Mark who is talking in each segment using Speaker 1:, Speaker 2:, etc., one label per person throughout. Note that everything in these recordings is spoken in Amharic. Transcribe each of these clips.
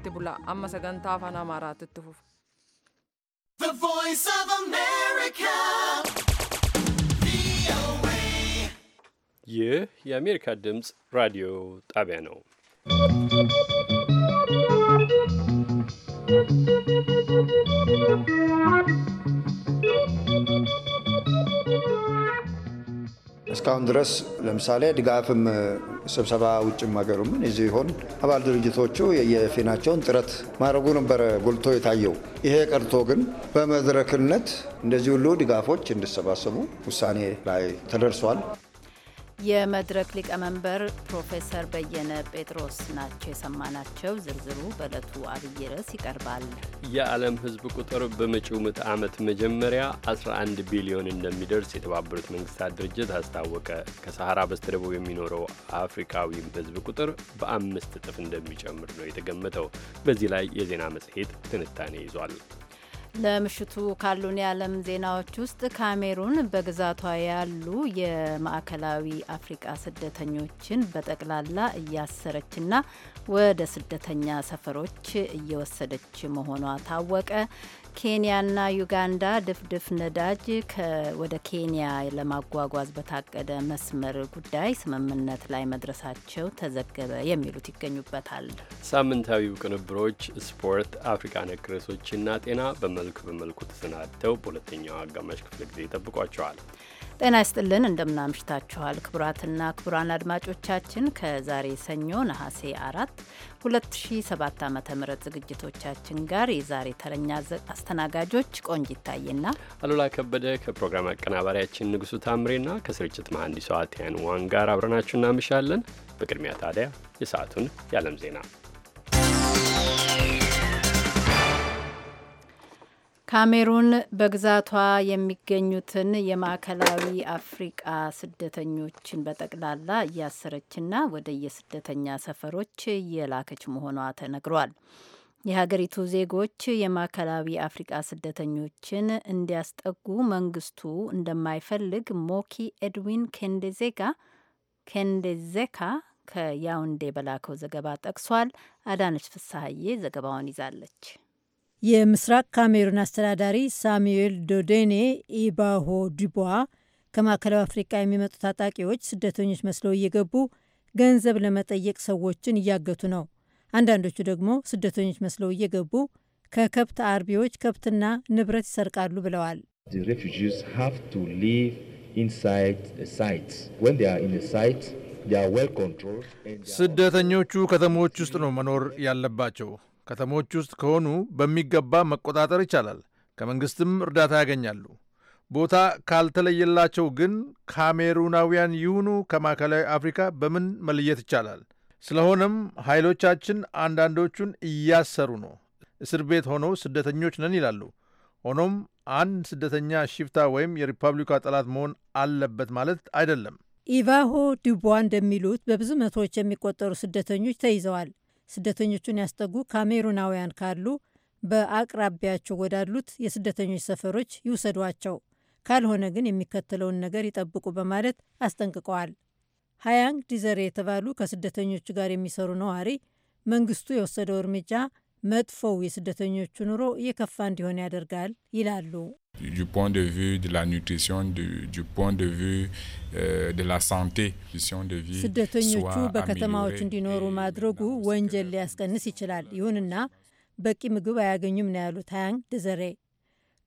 Speaker 1: itti bula amma sagantaa afaan amaaraatti itti fufu.
Speaker 2: ይህ የአሜሪካ ድምፅ ራዲዮ ጣቢያ ነው።
Speaker 1: Thank you.
Speaker 3: እስካሁን ድረስ ለምሳሌ ድጋፍም ስብሰባ ውጭም ሀገሩ ምን ይዘው ይሆን አባል ድርጅቶቹ የየፊናቸውን ጥረት ማድረጉ ነበረ ጎልቶ የታየው። ይሄ ቀርቶ ግን በመድረክነት እንደዚህ ሁሉ ድጋፎች እንዲሰባሰቡ ውሳኔ ላይ ተደርሷል።
Speaker 4: የመድረክ ሊቀመንበር ፕሮፌሰር በየነ ጴጥሮስ ናቸው የሰማናቸው። ዝርዝሩ በዕለቱ አብይ ርዕስ ይቀርባል።
Speaker 2: የዓለም ሕዝብ ቁጥር በመጪው ምዕተ ዓመት መጀመሪያ 11 ቢሊዮን እንደሚደርስ የተባበሩት መንግስታት ድርጅት አስታወቀ። ከሰሐራ በስተደቡብ የሚኖረው አፍሪካዊም ሕዝብ ቁጥር በአምስት እጥፍ እንደሚጨምር ነው የተገመተው። በዚህ ላይ የዜና መጽሔት ትንታኔ ይዟል።
Speaker 4: ለምሽቱ ካሉን የዓለም ዜናዎች ውስጥ ካሜሩን በግዛቷ ያሉ የማዕከላዊ አፍሪቃ ስደተኞችን በጠቅላላ እያሰረችና ወደ ስደተኛ ሰፈሮች እየወሰደች መሆኗ ታወቀ። ኬንያና ዩጋንዳ ድፍድፍ ነዳጅ ወደ ኬንያ ለማጓጓዝ በታቀደ መስመር ጉዳይ ስምምነት ላይ መድረሳቸው ተዘገበ የሚሉት ይገኙበታል።
Speaker 2: ሳምንታዊው ቅንብሮች ስፖርት፣ አፍሪካ ነክ ርዕሶችና ጤና በመልክ በመልኩ ተሰናድተው በሁለተኛው አጋማሽ ክፍለ ጊዜ ይጠብቋቸዋል።
Speaker 4: ጤና ይስጥልን እንደምናምሽታችኋል። ክቡራትና ክቡራን አድማጮቻችን ከዛሬ ሰኞ ነሐሴ አራት 2007 ዓ ም ዝግጅቶቻችን ጋር የዛሬ ተረኛ አስተናጋጆች ቆንጅ ይታየና አሉላ
Speaker 2: ከበደ ከፕሮግራም አቀናባሪያችን ንጉሱ ታምሬና ከስርጭት መሐንዲሷ ቲያን ዋን ጋር አብረናችሁ እናምሻለን። በቅድሚያ ታዲያ የሰዓቱን የዓለም ዜና
Speaker 4: ካሜሩን በግዛቷ የሚገኙትን የማዕከላዊ አፍሪቃ ስደተኞችን በጠቅላላ እያሰረችና ወደ የስደተኛ ሰፈሮች እየላከች መሆኗ ተነግሯል። የሀገሪቱ ዜጎች የማዕከላዊ አፍሪቃ ስደተኞችን እንዲያስጠጉ መንግስቱ እንደማይፈልግ ሞኪ ኤድዊን ኬንዴዜጋ ኬንዴዜካ ከያውንዴ በላከው ዘገባ ጠቅሷል። አዳነች ፍሳሀዬ ዘገባውን ይዛለች።
Speaker 5: የምስራቅ ካሜሩን አስተዳዳሪ ሳሙኤል ዶዴኔ ኢባሆ ዲቧ ከማዕከላዊ አፍሪቃ የሚመጡ ታጣቂዎች ስደተኞች መስለው እየገቡ ገንዘብ ለመጠየቅ ሰዎችን እያገቱ ነው። አንዳንዶቹ ደግሞ ስደተኞች መስለው እየገቡ ከከብት አርቢዎች ከብትና ንብረት ይሰርቃሉ ብለዋል።
Speaker 6: ስደተኞቹ ከተሞች ውስጥ ነው መኖር ያለባቸው። ከተሞች ውስጥ ከሆኑ በሚገባ መቆጣጠር ይቻላል። ከመንግሥትም እርዳታ ያገኛሉ። ቦታ ካልተለየላቸው ግን ካሜሩናውያን ይሁኑ ከማዕከላዊ አፍሪካ በምን መለየት ይቻላል? ስለሆነም ኃይሎቻችን አንዳንዶቹን እያሰሩ ነው። እስር ቤት ሆነው ስደተኞች ነን ይላሉ። ሆኖም አንድ ስደተኛ ሽፍታ ወይም የሪፐብሊካ ጠላት መሆን አለበት ማለት አይደለም።
Speaker 5: ኢቫሆ ዲቧ እንደሚሉት በብዙ መቶዎች የሚቆጠሩ ስደተኞች ተይዘዋል። ስደተኞቹን ያስጠጉ ካሜሩናውያን ካሉ በአቅራቢያቸው ወዳሉት የስደተኞች ሰፈሮች ይውሰዷቸው፣ ካልሆነ ግን የሚከተለውን ነገር ይጠብቁ በማለት አስጠንቅቀዋል። ሀያንግ ዲዘሬ የተባሉ ከስደተኞቹ ጋር የሚሰሩ ነዋሪ መንግስቱ የወሰደው እርምጃ መጥፎው የስደተኞቹ ኑሮ እየከፋ እንዲሆን ያደርጋል ይላሉ።
Speaker 7: euh, ስደተኞቹ በከተማዎች
Speaker 5: እንዲኖሩ ማድረጉ ወንጀል ሊያስቀንስ ይችላል። ይሁንና በቂ ምግብ አያገኙም ነው ያሉት ሃያንግ ድዘሬ።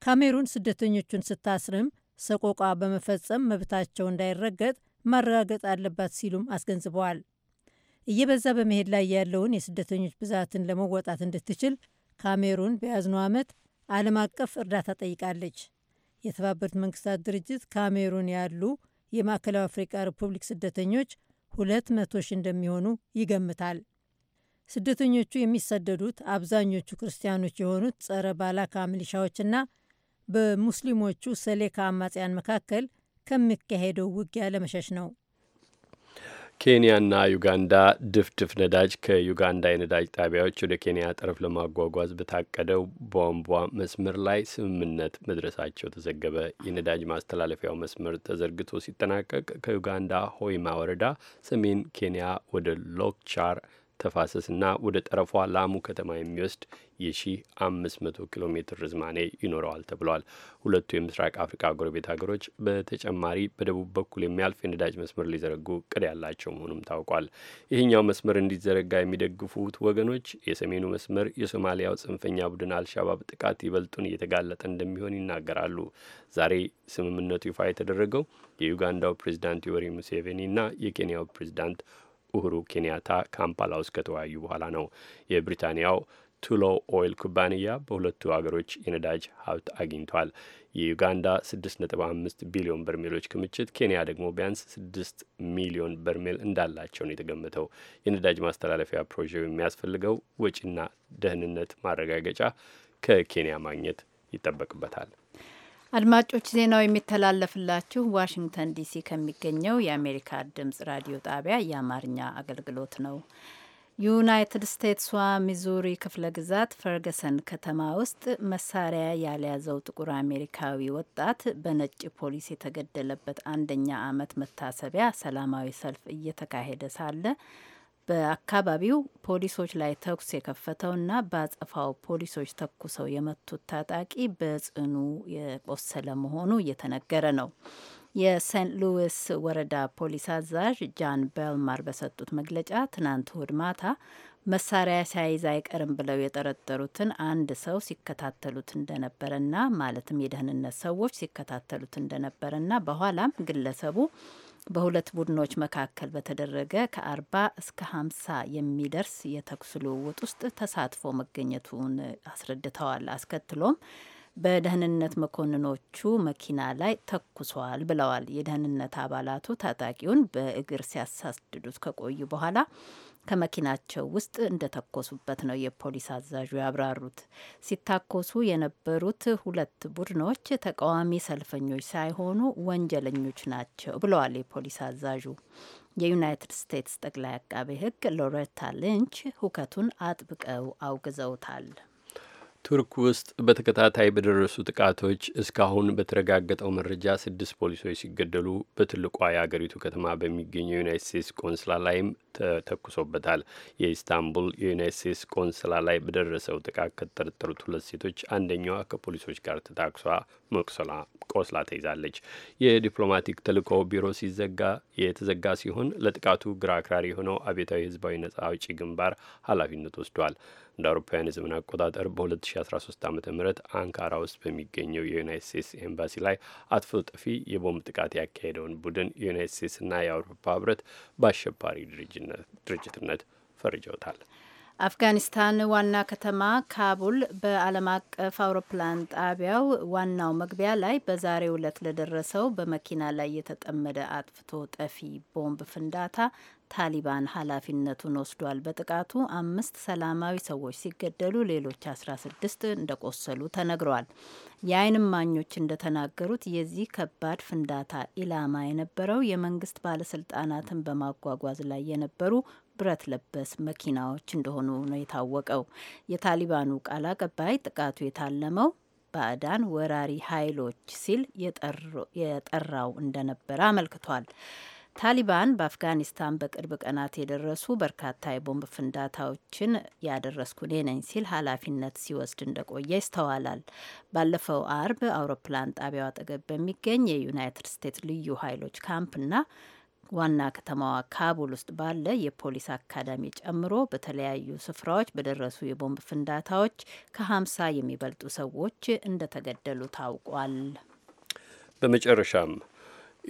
Speaker 5: ካሜሩን ስደተኞቹን ስታስርም ሰቆቋ በመፈጸም መብታቸው እንዳይረገጥ ማረጋገጥ አለባት ሲሉም አስገንዝበዋል። እየበዛ በመሄድ ላይ ያለውን የስደተኞች ብዛትን ለመወጣት እንድትችል ካሜሩን በያዝነው ዓመት ዓለም አቀፍ እርዳታ ጠይቃለች። የተባበሩት መንግስታት ድርጅት ካሜሩን ያሉ የማዕከላዊ አፍሪቃ ሪፑብሊክ ስደተኞች ሁለት መቶ ሺህ እንደሚሆኑ ይገምታል። ስደተኞቹ የሚሰደዱት አብዛኞቹ ክርስቲያኖች የሆኑት ጸረ ባላካ ሚሊሻዎችና በሙስሊሞቹ ሰሌካ አማጽያን መካከል ከሚካሄደው ውጊያ ለመሸሽ ነው።
Speaker 2: ኬንያና ዩጋንዳ ድፍድፍ ነዳጅ ከዩጋንዳ የነዳጅ ጣቢያዎች ወደ ኬንያ ጠረፍ ለማጓጓዝ በታቀደው ቧንቧ መስመር ላይ ስምምነት መድረሳቸው ተዘገበ። የነዳጅ ማስተላለፊያው መስመር ተዘርግቶ ሲጠናቀቅ ከዩጋንዳ ሆይማ ወረዳ ሰሜን ኬንያ ወደ ሎክቻር ተፋሰስና ወደ ጠረፏ ላሙ ከተማ የሚወስድ የ1500 ኪሎ ሜትር ርዝማኔ ይኖረዋል ተብሏል። ሁለቱ የምስራቅ አፍሪካ ጎረቤት ሀገሮች በተጨማሪ በደቡብ በኩል የሚያልፍ የነዳጅ መስመር ሊዘረጉ እቅድ ያላቸው መሆኑም ታውቋል። ይህኛው መስመር እንዲዘረጋ የሚደግፉት ወገኖች የሰሜኑ መስመር የሶማሊያው ጽንፈኛ ቡድን አልሻባብ ጥቃት ይበልጡን እየተጋለጠ እንደሚሆን ይናገራሉ። ዛሬ ስምምነቱ ይፋ የተደረገው የዩጋንዳው ፕሬዚዳንት ዮዌሪ ሙሴቬኒ እና የኬንያው ፕሬዚዳንት ኡሁሩ ኬንያታ ካምፓላ ውስጥ ከተወያዩ በኋላ ነው። የብሪታንያው ቱሎ ኦይል ኩባንያ በሁለቱ አገሮች የነዳጅ ሀብት አግኝቷል። የዩጋንዳ 6.5 ቢሊዮን በርሜሎች ክምችት፣ ኬንያ ደግሞ ቢያንስ 6 ሚሊዮን በርሜል እንዳላቸው ነው የተገመተው። የነዳጅ ማስተላለፊያ ፕሮጀክት የሚያስፈልገው ወጪና ደህንነት ማረጋገጫ ከኬንያ ማግኘት ይጠበቅበታል።
Speaker 4: አድማጮች ዜናው የሚተላለፍላችሁ ዋሽንግተን ዲሲ ከሚገኘው የአሜሪካ ድምጽ ራዲዮ ጣቢያ የአማርኛ አገልግሎት ነው። ዩናይትድ ስቴትስዋ ሚዙሪ ክፍለ ግዛት ፈርገሰን ከተማ ውስጥ መሳሪያ ያልያዘው ጥቁር አሜሪካዊ ወጣት በነጭ ፖሊስ የተገደለበት አንደኛ ዓመት መታሰቢያ ሰላማዊ ሰልፍ እየተካሄደ ሳለ በአካባቢው ፖሊሶች ላይ ተኩስ የከፈተውና በአጸፋው ፖሊሶች ተኩሰው የመቱት ታጣቂ በጽኑ የቆሰለ መሆኑ እየተነገረ ነው። የሴንት ሉዊስ ወረዳ ፖሊስ አዛዥ ጃን በልማር በሰጡት መግለጫ ትናንት እሁድ ማታ መሳሪያ ሳይዝ አይቀርም ብለው የጠረጠሩትን አንድ ሰው ሲከታተሉት እንደነበረና ማለትም የደህንነት ሰዎች ሲከታተሉት እንደነበረና በኋላም ግለሰቡ በሁለት ቡድኖች መካከል በተደረገ ከአርባ እስከ ሀምሳ የሚደርስ የተኩስ ልውውጥ ውስጥ ተሳትፎ መገኘቱን አስረድተዋል። አስከትሎም በደህንነት መኮንኖቹ መኪና ላይ ተኩሰዋል ብለዋል። የደህንነት አባላቱ ታጣቂውን በእግር ሲያሳድዱት ከቆዩ በኋላ ከመኪናቸው ውስጥ እንደተኮሱበት ነው የፖሊስ አዛዡ ያብራሩት። ሲታኮሱ የነበሩት ሁለት ቡድኖች ተቃዋሚ ሰልፈኞች ሳይሆኑ ወንጀለኞች ናቸው ብለዋል የፖሊስ አዛዡ። የዩናይትድ ስቴትስ ጠቅላይ አቃቤ ሕግ ሎሬታ ሊንች ሁከቱን አጥብቀው አውግዘውታል።
Speaker 2: ቱርክ ውስጥ በተከታታይ በደረሱ ጥቃቶች እስካሁን በተረጋገጠው መረጃ ስድስት ፖሊሶች ሲገደሉ በትልቋ የአገሪቱ ከተማ በሚገኘው ዩናይት ስቴትስ ቆንስላ ላይም ተተኩሶበታል። የኢስታንቡል የዩናይት ስቴትስ ቆንስላ ላይ በደረሰው ጥቃት ከተጠረጠሩት ሁለት ሴቶች አንደኛዋ ከፖሊሶች ጋር ተታኩሷ መቁሰላ ቆስላ ተይዛለች። የዲፕሎማቲክ ተልእኮ ቢሮ ሲዘጋ የተዘጋ ሲሆን ለጥቃቱ ግራ አክራሪ የሆነው አብዮታዊ ህዝባዊ ነጻ አውጪ ግንባር ኃላፊነት ወስዷል። እንደ አውሮፓውያን የዘመን አቆጣጠር በ2013 ዓ ም አንካራ ውስጥ በሚገኘው የዩናይት ስቴትስ ኤምባሲ ላይ አጥፍቶ ጠፊ የቦምብ ጥቃት ያካሄደውን ቡድን የዩናይት ስቴትስና የአውሮፓ ህብረት በአሸባሪ ድርጅትነት ፈርጀውታል።
Speaker 4: አፍጋኒስታን ዋና ከተማ ካቡል በዓለም አቀፍ አውሮፕላን ጣቢያው ዋናው መግቢያ ላይ በዛሬው ዕለት ለደረሰው በመኪና ላይ የተጠመደ አጥፍቶ ጠፊ ቦምብ ፍንዳታ ታሊባን ኃላፊነቱን ወስዷል። በጥቃቱ አምስት ሰላማዊ ሰዎች ሲገደሉ ሌሎች 16 እንደቆሰሉ ተነግረዋል። የዓይን እማኞች እንደተናገሩት የዚህ ከባድ ፍንዳታ ኢላማ የነበረው የመንግስት ባለስልጣናትን በማጓጓዝ ላይ የነበሩ ብረት ለበስ መኪናዎች እንደሆኑ ነው የታወቀው። የታሊባኑ ቃል አቀባይ ጥቃቱ የታለመው ባዕዳን ወራሪ ኃይሎች ሲል የጠራው እንደነበረ አመልክቷል። ታሊባን በአፍጋኒስታን በቅርብ ቀናት የደረሱ በርካታ የቦምብ ፍንዳታዎችን ያደረስኩ እኔ ነኝ ሲል ኃላፊነት ሲወስድ እንደቆየ ይስተዋላል። ባለፈው አርብ አውሮፕላን ጣቢያው አጠገብ በሚገኝ የዩናይትድ ስቴትስ ልዩ ኃይሎች ካምፕና ዋና ከተማዋ ካቡል ውስጥ ባለ የፖሊስ አካዳሚ ጨምሮ በተለያዩ ስፍራዎች በደረሱ የቦምብ ፍንዳታዎች ከሀምሳ የሚበልጡ ሰዎች እንደተገደሉ ታውቋል።
Speaker 2: በመጨረሻም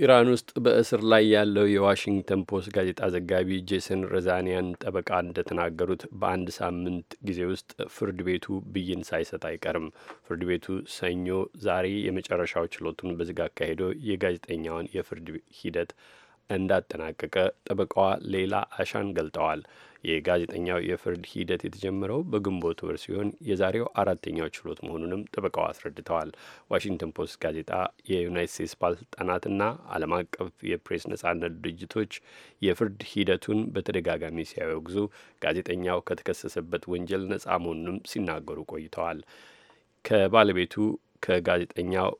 Speaker 2: ኢራን ውስጥ በእስር ላይ ያለው የዋሽንግተን ፖስት ጋዜጣ ዘጋቢ ጄሰን ረዛኒያን ጠበቃ እንደተናገሩት በአንድ ሳምንት ጊዜ ውስጥ ፍርድ ቤቱ ብይን ሳይሰጥ አይቀርም። ፍርድ ቤቱ ሰኞ ዛሬ የመጨረሻው ችሎቱን በዝግ አካሄዶ የጋዜጠኛውን የፍርድ ሂደት እንዳጠናቀቀ ጠበቃዋ ሌላ አሻን ገልጠዋል። የጋዜጠኛው የፍርድ ሂደት የተጀመረው በግንቦት ወር ሲሆን የዛሬው አራተኛው ችሎት መሆኑንም ጠበቃው አስረድተዋል። ዋሽንግተን ፖስት ጋዜጣ የዩናይት ስቴትስ ባለስልጣናትና ዓለም አቀፍ የፕሬስ ነጻነት ድርጅቶች የፍርድ ሂደቱን በተደጋጋሚ ሲያወግዙ ጋዜጠኛው ከተከሰሰበት ወንጀል ነጻ መሆኑንም ሲናገሩ ቆይተዋል። ከባለቤቱ ከጋዜጠኛው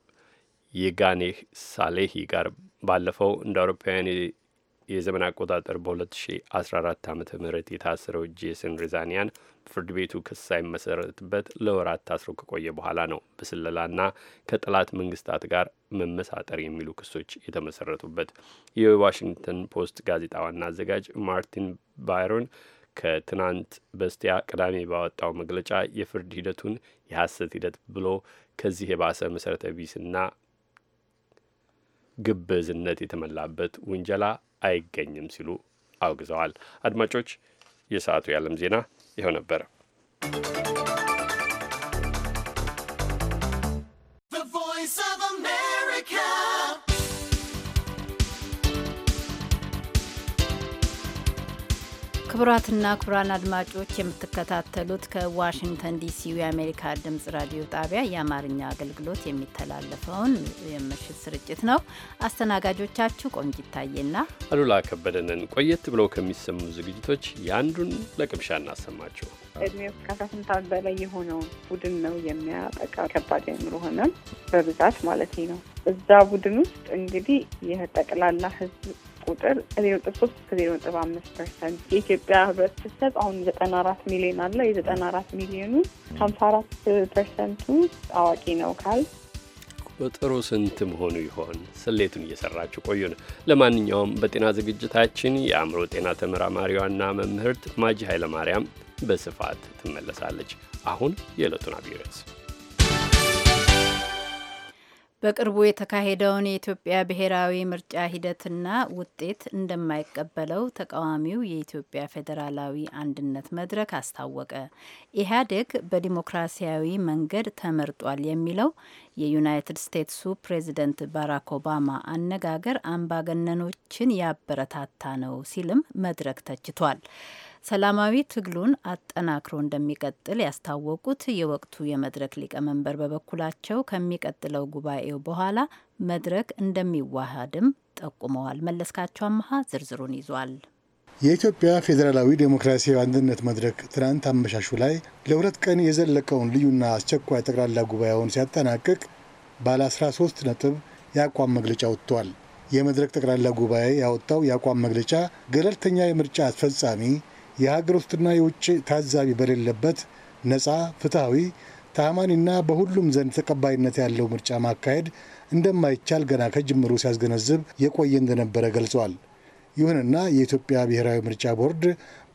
Speaker 2: የጋኔህ ሳሌሂ ጋር ባለፈው እንደ አውሮፓውያን የዘመን አቆጣጠር በ2014 ዓ ም የታሰረው ጄሰን ሪዛኒያን ፍርድ ቤቱ ክስ ሳይመሰረትበት ለወራት ታስሮ ከቆየ በኋላ ነው በስለላና ከጠላት መንግስታት ጋር መመሳጠር የሚሉ ክሶች የተመሰረቱበት። የዋሽንግተን ፖስት ጋዜጣ ዋና አዘጋጅ ማርቲን ባይሮን ከትናንት በስቲያ ቅዳሜ ባወጣው መግለጫ የፍርድ ሂደቱን የሐሰት ሂደት ብሎ ከዚህ የባሰ መሰረተ ቢስና ግብዝነት የተመላበት ውንጀላ አይገኝም ሲሉ አውግዘዋል። አድማጮች፣ የሰዓቱ የዓለም ዜና ይኸው ነበር።
Speaker 4: ክቡራትና ክቡራን አድማጮች የምትከታተሉት ከዋሽንግተን ዲሲ የአሜሪካ ድምጽ ራዲዮ ጣቢያ የአማርኛ አገልግሎት የሚተላለፈውን የምሽት ስርጭት ነው። አስተናጋጆቻችሁ ቆንጅ ይታየና
Speaker 2: አሉላ ከበደንን። ቆየት ብለው ከሚሰሙ ዝግጅቶች የአንዱን ለቅምሻ እናሰማችሁ።
Speaker 4: እድሜ ከአስራ ስምንት ዓመት
Speaker 1: በላይ የሆነውን ቡድን ነው የሚያጠቃ ከባድ አእምሮ ህመም በብዛት ማለት ነው። እዛ ቡድን ውስጥ እንግዲህ ይህ ጠቅላላ ህዝብ ቁጥር ከዜሮ ነጥብ ሶስት እስከ ዜሮ ነጥብ አምስት ፐርሰንት የኢትዮጵያ ህብረተሰብ አሁን ዘጠና አራት ሚሊዮን አለ። የዘጠና አራት ሚሊዮኑ ሀምሳ አራት ፐርሰንቱ አዋቂ ነው ካል
Speaker 2: ቁጥሩ ስንት መሆኑ ይሆን? ስሌቱን እየሰራችሁ ቆዩን። ለማንኛውም በጤና ዝግጅታችን የአእምሮ ጤና ተመራማሪዋና መምህርት ማጂ ኃይለማርያም በስፋት ትመለሳለች። አሁን የዕለቱን አብይ ርዕስ
Speaker 4: በቅርቡ የተካሄደውን የኢትዮጵያ ብሔራዊ ምርጫ ሂደትና ውጤት እንደማይቀበለው ተቃዋሚው የኢትዮጵያ ፌዴራላዊ አንድነት መድረክ አስታወቀ። ኢህአዴግ በዲሞክራሲያዊ መንገድ ተመርጧል የሚለው የዩናይትድ ስቴትሱ ፕሬዚደንት ባራክ ኦባማ አነጋገር አምባገነኖችን ያበረታታ ነው ሲልም መድረክ ተችቷል። ሰላማዊ ትግሉን አጠናክሮ እንደሚቀጥል ያስታወቁት የወቅቱ የመድረክ ሊቀመንበር በበኩላቸው ከሚቀጥለው ጉባኤው በኋላ መድረክ እንደሚዋሃድም ጠቁመዋል። መለስካቸው አመሀ ዝርዝሩን ይዟል።
Speaker 8: የኢትዮጵያ ፌዴራላዊ ዴሞክራሲያዊ አንድነት መድረክ ትናንት አመሻሹ ላይ ለሁለት ቀን የዘለቀውን ልዩና አስቸኳይ ጠቅላላ ጉባኤውን ሲያጠናቅቅ ባለ 13 ነጥብ የአቋም መግለጫ ወጥቷል። የመድረክ ጠቅላላ ጉባኤ ያወጣው የአቋም መግለጫ ገለልተኛ የምርጫ አስፈጻሚ የሀገር ውስጥና የውጭ ታዛቢ በሌለበት ነፃ፣ ፍትሐዊ፣ ታማኒና በሁሉም ዘንድ ተቀባይነት ያለው ምርጫ ማካሄድ እንደማይቻል ገና ከጅምሩ ሲያስገነዝብ የቆየ እንደነበረ ገልጿል። ይሁንና የኢትዮጵያ ብሔራዊ ምርጫ ቦርድ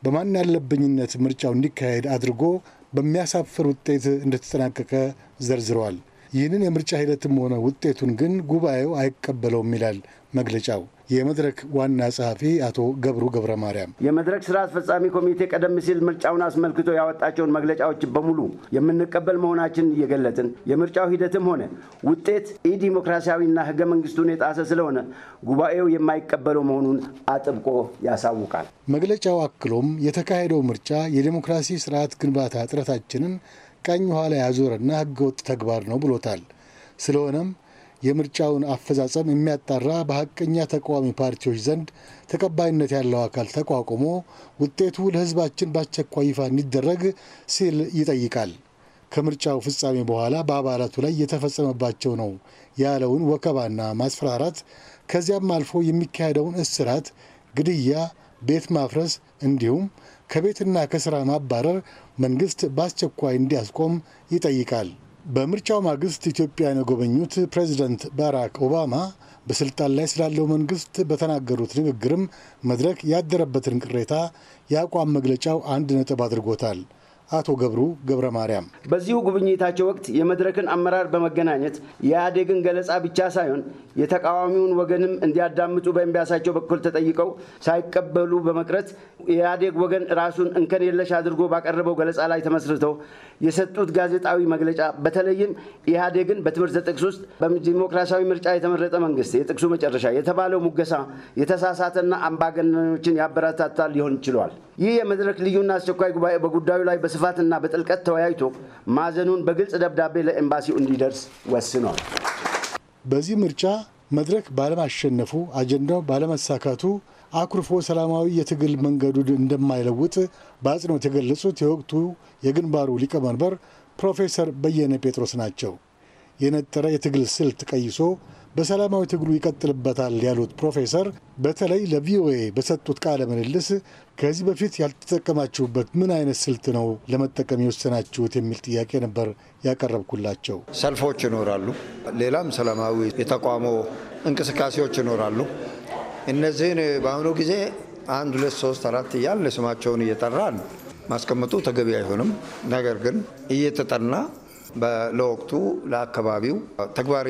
Speaker 8: በማን ያለብኝነት ምርጫው እንዲካሄድ አድርጎ በሚያሳፍር ውጤት እንደተጠናቀቀ ዘርዝረዋል። ይህንን የምርጫ ሂደትም ሆነ ውጤቱን ግን ጉባኤው አይቀበለውም ይላል መግለጫው። የመድረክ ዋና ጸሐፊ አቶ ገብሩ ገብረ
Speaker 7: ማርያም የመድረክ ስራ አስፈጻሚ ኮሚቴ ቀደም ሲል ምርጫውን አስመልክቶ ያወጣቸውን መግለጫዎች በሙሉ የምንቀበል መሆናችንን እየገለጥን የምርጫው ሂደትም ሆነ ውጤት ኢዲሞክራሲያዊና ህገ መንግስቱን የጣሰ ስለሆነ ጉባኤው የማይቀበለው መሆኑን አጥብቆ ያሳውቃል።
Speaker 8: መግለጫው አክሎም የተካሄደው ምርጫ የዴሞክራሲ ስርዓት ግንባታ ጥረታችንን ቀኝ ኋላ ያዞረና ህገወጥ ተግባር ነው ብሎታል። ስለሆነም የምርጫውን አፈጻጸም የሚያጣራ በሀቀኛ ተቃዋሚ ፓርቲዎች ዘንድ ተቀባይነት ያለው አካል ተቋቁሞ ውጤቱ ለሕዝባችን በአስቸኳይ ይፋ እንዲደረግ ሲል ይጠይቃል። ከምርጫው ፍጻሜ በኋላ በአባላቱ ላይ የተፈጸመባቸው ነው ያለውን ወከባና ማስፈራራት ከዚያም አልፎ የሚካሄደውን እስራት፣ ግድያ፣ ቤት ማፍረስ እንዲሁም ከቤትና ከስራ ማባረር መንግስት በአስቸኳይ እንዲያስቆም ይጠይቃል። በምርጫው ማግስት ኢትዮጵያን የጎበኙት ፕሬዚደንት ባራክ ኦባማ በስልጣን ላይ ስላለው መንግስት በተናገሩት ንግግርም መድረክ ያደረበትን ቅሬታ የአቋም መግለጫው አንድ ነጥብ አድርጎታል። አቶ ገብሩ ገብረ ማርያም
Speaker 7: በዚሁ ጉብኝታቸው ወቅት የመድረክን አመራር በመገናኘት የኢህአዴግን ገለጻ ብቻ ሳይሆን የተቃዋሚውን ወገንም እንዲያዳምጡ በኤምባሲያቸው በኩል ተጠይቀው ሳይቀበሉ በመቅረት የኢህአዴግ ወገን ራሱን እንከን የለሽ አድርጎ ባቀረበው ገለጻ ላይ ተመስርተው የሰጡት ጋዜጣዊ መግለጫ በተለይም ኢህአዴግን በትምህርት ጥቅስ ውስጥ በዲሞክራሲያዊ ምርጫ የተመረጠ መንግስት የጥቅሱ መጨረሻ የተባለው ሙገሳ የተሳሳተና አምባገነኖችን ያበረታታል ሊሆን ችሏል። ይህ የመድረክ ልዩና አስቸኳይ ጉባኤ በጉዳዩ ላይ በስፋትና በጥልቀት ተወያይቶ ማዘኑን በግልጽ ደብዳቤ ለኤምባሲው እንዲደርስ ወስኗል።
Speaker 8: በዚህ ምርጫ መድረክ ባለማሸነፉ አጀንዳው ባለመሳካቱ አኩርፎ ሰላማዊ የትግል መንገዱን እንደማይለውጥ በአጽንኦት የገለጹት የወቅቱ የግንባሩ ሊቀመንበር ፕሮፌሰር በየነ ጴጥሮስ ናቸው። የነጠረ የትግል ስልት ቀይሶ በሰላማዊ ትግሉ ይቀጥልበታል ያሉት ፕሮፌሰር በተለይ ለቪኦኤ በሰጡት ቃለ ምልልስ ከዚህ በፊት ያልተጠቀማችሁበት ምን አይነት ስልት ነው ለመጠቀም የወሰናችሁት የሚል ጥያቄ ነበር ያቀረብኩላቸው።
Speaker 3: ሰልፎች ይኖራሉ፣ ሌላም ሰላማዊ የተቋሞ እንቅስቃሴዎች ይኖራሉ። እነዚህን በአሁኑ ጊዜ አንድ ሁለት ሶስት አራት እያልን ስማቸውን እየጠራን ማስቀመጡ ተገቢ አይሆንም። ነገር ግን እየተጠና ለወቅቱ ለአካባቢው ተግባራዊ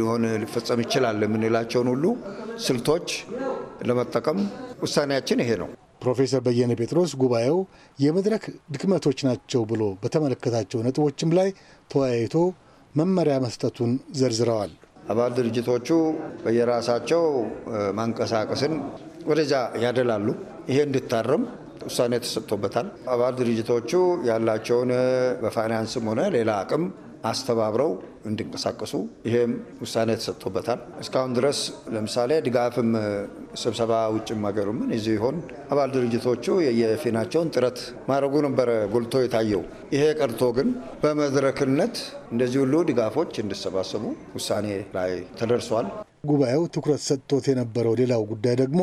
Speaker 3: ሊሆን ሊፈጸም ይችላል የምንላቸውን ሁሉ ስልቶች ለመጠቀም ውሳኔያችን ይሄ ነው።
Speaker 8: ፕሮፌሰር በየነ ጴጥሮስ ጉባኤው የመድረክ ድክመቶች ናቸው ብሎ በተመለከታቸው ነጥቦችም ላይ ተወያይቶ መመሪያ መስጠቱን ዘርዝረዋል።
Speaker 3: አባል ድርጅቶቹ በየራሳቸው ማንቀሳቀስን ወደዛ ያደላሉ። ይሄ እንድታረም ውሳኔ ተሰጥቶበታል። አባል ድርጅቶቹ ያላቸውን በፋይናንስም ሆነ ሌላ አቅም አስተባብረው እንዲንቀሳቀሱ ይሄም ውሳኔ ተሰጥቶበታል። እስካሁን ድረስ ለምሳሌ ድጋፍም ስብሰባ ውጭም ሀገሩ ምን ይዞ ይሆን አባል ድርጅቶቹ የየፊናቸውን ጥረት ማድረጉ ነበረ ጎልቶ የታየው። ይሄ ቀርቶ ግን በመድረክነት እንደዚህ ሁሉ ድጋፎች እንዲሰባሰቡ ውሳኔ ላይ ተደርሷል።
Speaker 8: ጉባኤው ትኩረት ሰጥቶት የነበረው ሌላው ጉዳይ ደግሞ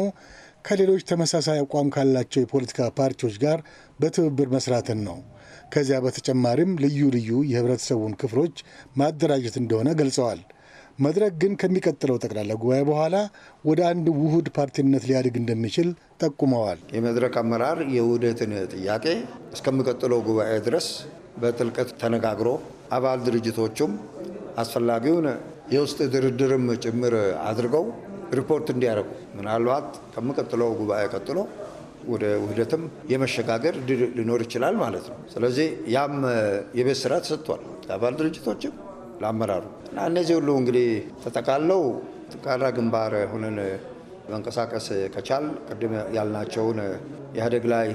Speaker 8: ከሌሎች ተመሳሳይ አቋም ካላቸው የፖለቲካ ፓርቲዎች ጋር በትብብር መስራትን ነው። ከዚያ በተጨማሪም ልዩ ልዩ የህብረተሰቡን ክፍሎች ማደራጀት እንደሆነ ገልጸዋል። መድረክ ግን ከሚቀጥለው ጠቅላላ ጉባኤ በኋላ ወደ አንድ ውሁድ ፓርቲነት ሊያድግ እንደሚችል ጠቁመዋል።
Speaker 3: የመድረክ አመራር የውህደትን ጥያቄ እስከሚቀጥለው ጉባኤ ድረስ በጥልቀት ተነጋግሮ አባል ድርጅቶቹም አስፈላጊውን የውስጥ ድርድርም ጭምር አድርገው ሪፖርት እንዲያደርጉ ምናልባት ከምቀጥለው ጉባኤ ቀጥሎ ወደ ውህደትም የመሸጋገር ሊኖር ይችላል ማለት ነው። ስለዚህ ያም የቤት ስራ ተሰጥቷል ለአባል ድርጅቶችም ለአመራሩ እና እነዚህ ሁሉ እንግዲህ ተጠቃለው ጠንካራ ግንባር ሆነን መንቀሳቀስ ከቻል ቅድም ያልናቸውን ኢህአዴግ ላይ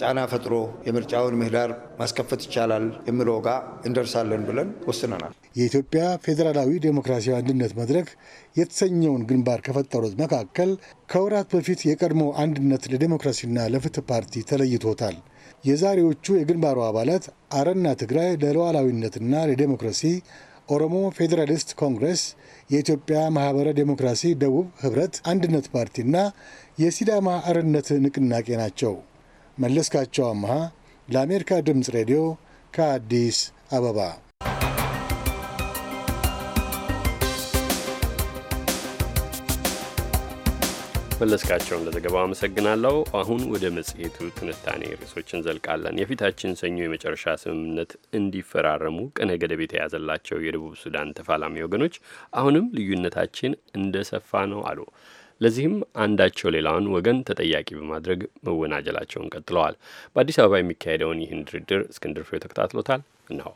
Speaker 3: ጫና ፈጥሮ የምርጫውን ምህዳር ማስከፈት ይቻላል የሚለው ጋር እንደርሳለን ብለን ወስነናል።
Speaker 8: የኢትዮጵያ ፌዴራላዊ ዴሞክራሲያዊ አንድነት መድረክ የተሰኘውን ግንባር ከፈጠሩት መካከል ከወራት በፊት የቀድሞ አንድነት ለዴሞክራሲና ለፍትህ ፓርቲ ተለይቶታል። የዛሬዎቹ የግንባሩ አባላት አረና ትግራይ ለሉዓላዊነትና ለዴሞክራሲ፣ ኦሮሞ ፌዴራሊስት ኮንግረስ፣ የኢትዮጵያ ማህበረ ዴሞክራሲ ደቡብ ህብረት፣ አንድነት ፓርቲና የሲዳማ አርነት ንቅናቄ ናቸው። መለስካቸው አምሃ ለአሜሪካ ድምፅ ሬዲዮ ከአዲስ አበባ።
Speaker 2: መለስካቸውን ለዘገባው አመሰግናለሁ። አሁን ወደ መጽሔቱ ትንታኔ ርዕሶች እንዘልቃለን። የፊታችን ሰኞ የመጨረሻ ስምምነት እንዲፈራረሙ ቀነ ገደብ የተያዘላቸው የደቡብ ሱዳን ተፋላሚ ወገኖች አሁንም ልዩነታችን እንደሰፋ ነው አሉ። ለዚህም አንዳቸው ሌላውን ወገን ተጠያቂ በማድረግ መወናጀላቸውን ቀጥለዋል። በአዲስ አበባ የሚካሄደውን ይህን ድርድር እስክንድር ፍሬው ተከታትሎታል። እነሆ።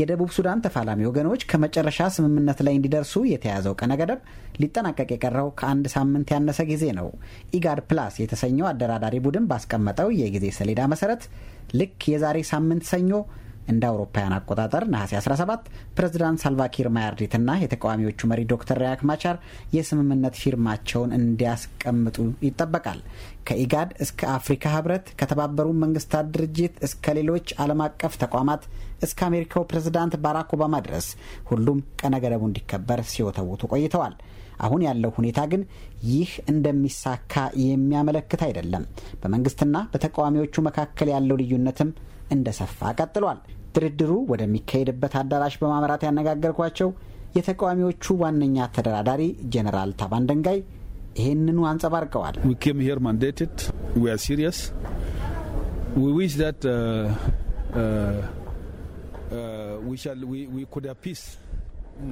Speaker 9: የደቡብ ሱዳን ተፋላሚ ወገኖች ከመጨረሻ ስምምነት ላይ እንዲደርሱ የተያዘው ቀነ ገደብ ሊጠናቀቅ የቀረው ከአንድ ሳምንት ያነሰ ጊዜ ነው። ኢጋድ ፕላስ የተሰኘው አደራዳሪ ቡድን ባስቀመጠው የጊዜ ሰሌዳ መሰረት ልክ የዛሬ ሳምንት ሰኞ እንደ አውሮፓውያን አቆጣጠር ነሐሴ 17 ፕሬዝዳንት ሳልቫኪር ማያርዲትና የተቃዋሚዎቹ መሪ ዶክተር ሪያክ ማቻር የስምምነት ፊርማቸውን እንዲያስቀምጡ ይጠበቃል። ከኢጋድ እስከ አፍሪካ ህብረት፣ ከተባበሩ መንግስታት ድርጅት እስከ ሌሎች ዓለም አቀፍ ተቋማት እስከ አሜሪካው ፕሬዝዳንት ባራክ ኦባማ ድረስ ሁሉም ቀነ ገደቡ እንዲከበር ሲወተውቱ ቆይተዋል። አሁን ያለው ሁኔታ ግን ይህ እንደሚሳካ የሚያመለክት አይደለም። በመንግስትና በተቃዋሚዎቹ መካከል ያለው ልዩነትም እንደሰፋ ቀጥሏል። ድርድሩ ወደሚካሄድበት አዳራሽ በማምራት ያነጋገርኳቸው የተቃዋሚዎቹ ዋነኛ ተደራዳሪ ጀኔራል ታባን ደንጋይ ይህንኑ አንጸባርቀዋል።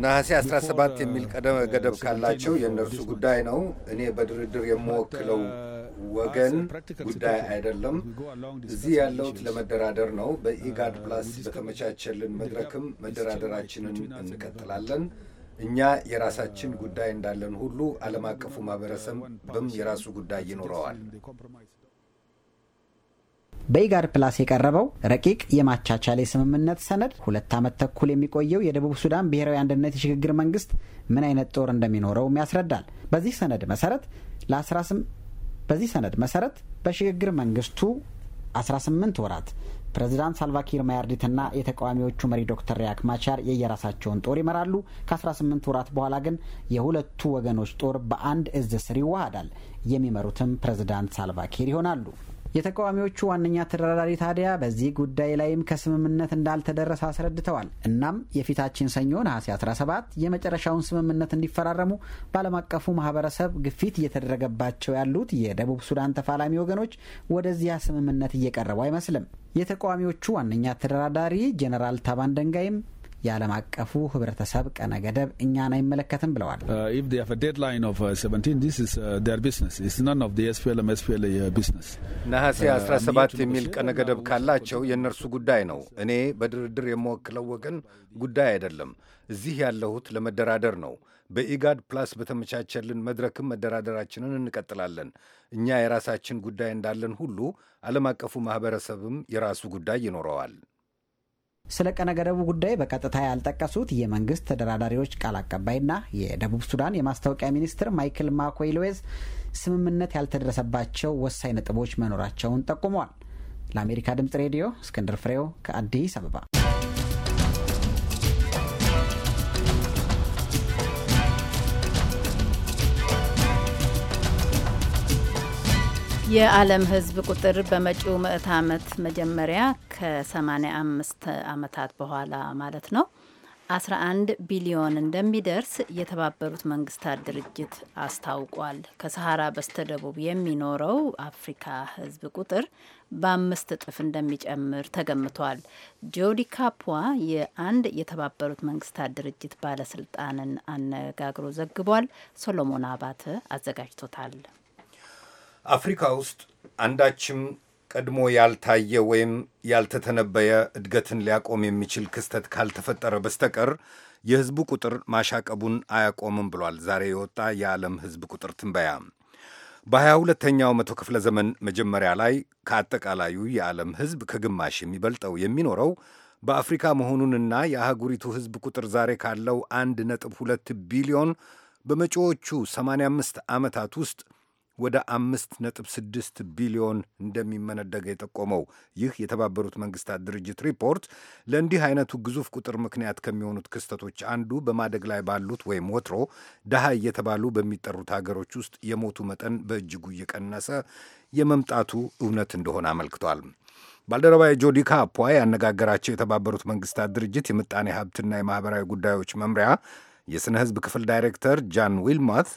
Speaker 10: ነሐሴ 17 uh, የሚል ቀደመ uh, ገደብ ካላቸው የእነርሱ ጉዳይ ነው። እኔ በድርድር uh, የምወክለው ወገን ጉዳይ አይደለም። እዚህ ያለሁት ለመደራደር ነው። በኢጋድ ፕላስ በተመቻቸልን መድረክም መደራደራችንን እንቀጥላለን። እኛ የራሳችን ጉዳይ እንዳለን ሁሉ ዓለም አቀፉ ማህበረሰብም የራሱ ጉዳይ ይኖረዋል።
Speaker 9: በኢጋድ ፕላስ የቀረበው ረቂቅ የማቻቻል የስምምነት ሰነድ ሁለት ዓመት ተኩል የሚቆየው የደቡብ ሱዳን ብሔራዊ አንድነት የሽግግር መንግስት ምን አይነት ጦር እንደሚኖረውም ያስረዳል። በዚህ ሰነድ መሰረት ለ18 በዚህ ሰነድ መሰረት በሽግግር መንግስቱ 18 ወራት ፕሬዚዳንት ሳልቫኪር ማያርዲትና የተቃዋሚዎቹ መሪ ዶክተር ሪያክ ማቻር የየራሳቸውን ጦር ይመራሉ። ከ18 ወራት በኋላ ግን የሁለቱ ወገኖች ጦር በአንድ እዝ ስር ይዋሃዳል። የሚመሩትም ፕሬዚዳንት ሳልቫኪር ይሆናሉ። የተቃዋሚዎቹ ዋነኛ ተደራዳሪ ታዲያ በዚህ ጉዳይ ላይም ከስምምነት እንዳልተደረሰ አስረድተዋል። እናም የፊታችን ሰኞ ነሐሴ 17 የመጨረሻውን ስምምነት እንዲፈራረሙ በዓለም አቀፉ ማህበረሰብ ግፊት እየተደረገባቸው ያሉት የደቡብ ሱዳን ተፋላሚ ወገኖች ወደዚያ ስምምነት እየቀረቡ አይመስልም። የተቃዋሚዎቹ ዋነኛ ተደራዳሪ ጄኔራል ታባን ደንጋይም የዓለም አቀፉ ህብረተሰብ ቀነ ገደብ እኛን አይመለከትም ብለዋል።
Speaker 6: uh, uh,
Speaker 7: uh, ነሐሴ 17 የሚል ቀነ ገደብ
Speaker 10: ካላቸው የእነርሱ ጉዳይ ነው። እኔ በድርድር የምወክለው ወገን ጉዳይ አይደለም። እዚህ ያለሁት ለመደራደር ነው። በኢጋድ ፕላስ በተመቻቸልን መድረክም መደራደራችንን እንቀጥላለን። እኛ የራሳችን ጉዳይ እንዳለን ሁሉ ዓለም አቀፉ ማኅበረሰብም የራሱ ጉዳይ ይኖረዋል።
Speaker 9: ስለ ቀነ ገደቡ ጉዳይ በቀጥታ ያልጠቀሱት የመንግስት ተደራዳሪዎች ቃል አቀባይና የደቡብ ሱዳን የማስታወቂያ ሚኒስትር ማይክል ማኮይ ስምምነት ያልተደረሰባቸው ወሳኝ ነጥቦች መኖራቸውን ጠቁመዋል። ለአሜሪካ ድምፅ ሬዲዮ እስክንድር ፍሬው ከአዲስ አበባ
Speaker 4: የዓለም ሕዝብ ቁጥር በመጪው ምዕት ዓመት መጀመሪያ ከ85 ዓመታት በኋላ ማለት ነው 11 ቢሊዮን እንደሚደርስ የተባበሩት መንግስታት ድርጅት አስታውቋል። ከሰሃራ በስተደቡብ የሚኖረው አፍሪካ ህዝብ ቁጥር በአምስት እጥፍ እንደሚጨምር ተገምቷል። ጆዲ ካፖዋ የአንድ የተባበሩት መንግስታት ድርጅት ባለስልጣንን አነጋግሮ ዘግቧል። ሶሎሞን አባተ አዘጋጅቶታል።
Speaker 10: አፍሪካ ውስጥ አንዳችም ቀድሞ ያልታየ ወይም ያልተተነበየ እድገትን ሊያቆም የሚችል ክስተት ካልተፈጠረ በስተቀር የህዝቡ ቁጥር ማሻቀቡን አያቆምም ብሏል ዛሬ የወጣ የዓለም ህዝብ ቁጥር ትንበያ። በሀያ ሁለተኛው መቶ ክፍለ ዘመን መጀመሪያ ላይ ከአጠቃላዩ የዓለም ህዝብ ከግማሽ የሚበልጠው የሚኖረው በአፍሪካ መሆኑንና የአህጉሪቱ ህዝብ ቁጥር ዛሬ ካለው አንድ ነጥብ ሁለት ቢሊዮን በመጪዎቹ 85 ዓመታት ውስጥ ወደ አምስት ነጥብ ስድስት ቢሊዮን እንደሚመነደግ የጠቆመው ይህ የተባበሩት መንግስታት ድርጅት ሪፖርት ለእንዲህ አይነቱ ግዙፍ ቁጥር ምክንያት ከሚሆኑት ክስተቶች አንዱ በማደግ ላይ ባሉት ወይም ወትሮ ድሃ እየተባሉ በሚጠሩት ሀገሮች ውስጥ የሞቱ መጠን በእጅጉ እየቀነሰ የመምጣቱ እውነት እንደሆነ አመልክቷል። ባልደረባ ጆዲ ካፖ ያነጋገራቸው የተባበሩት መንግስታት ድርጅት የምጣኔ ሀብትና የማህበራዊ ጉዳዮች መምሪያ የሥነ ሕዝብ ክፍል ዳይሬክተር ጃን ዊልማት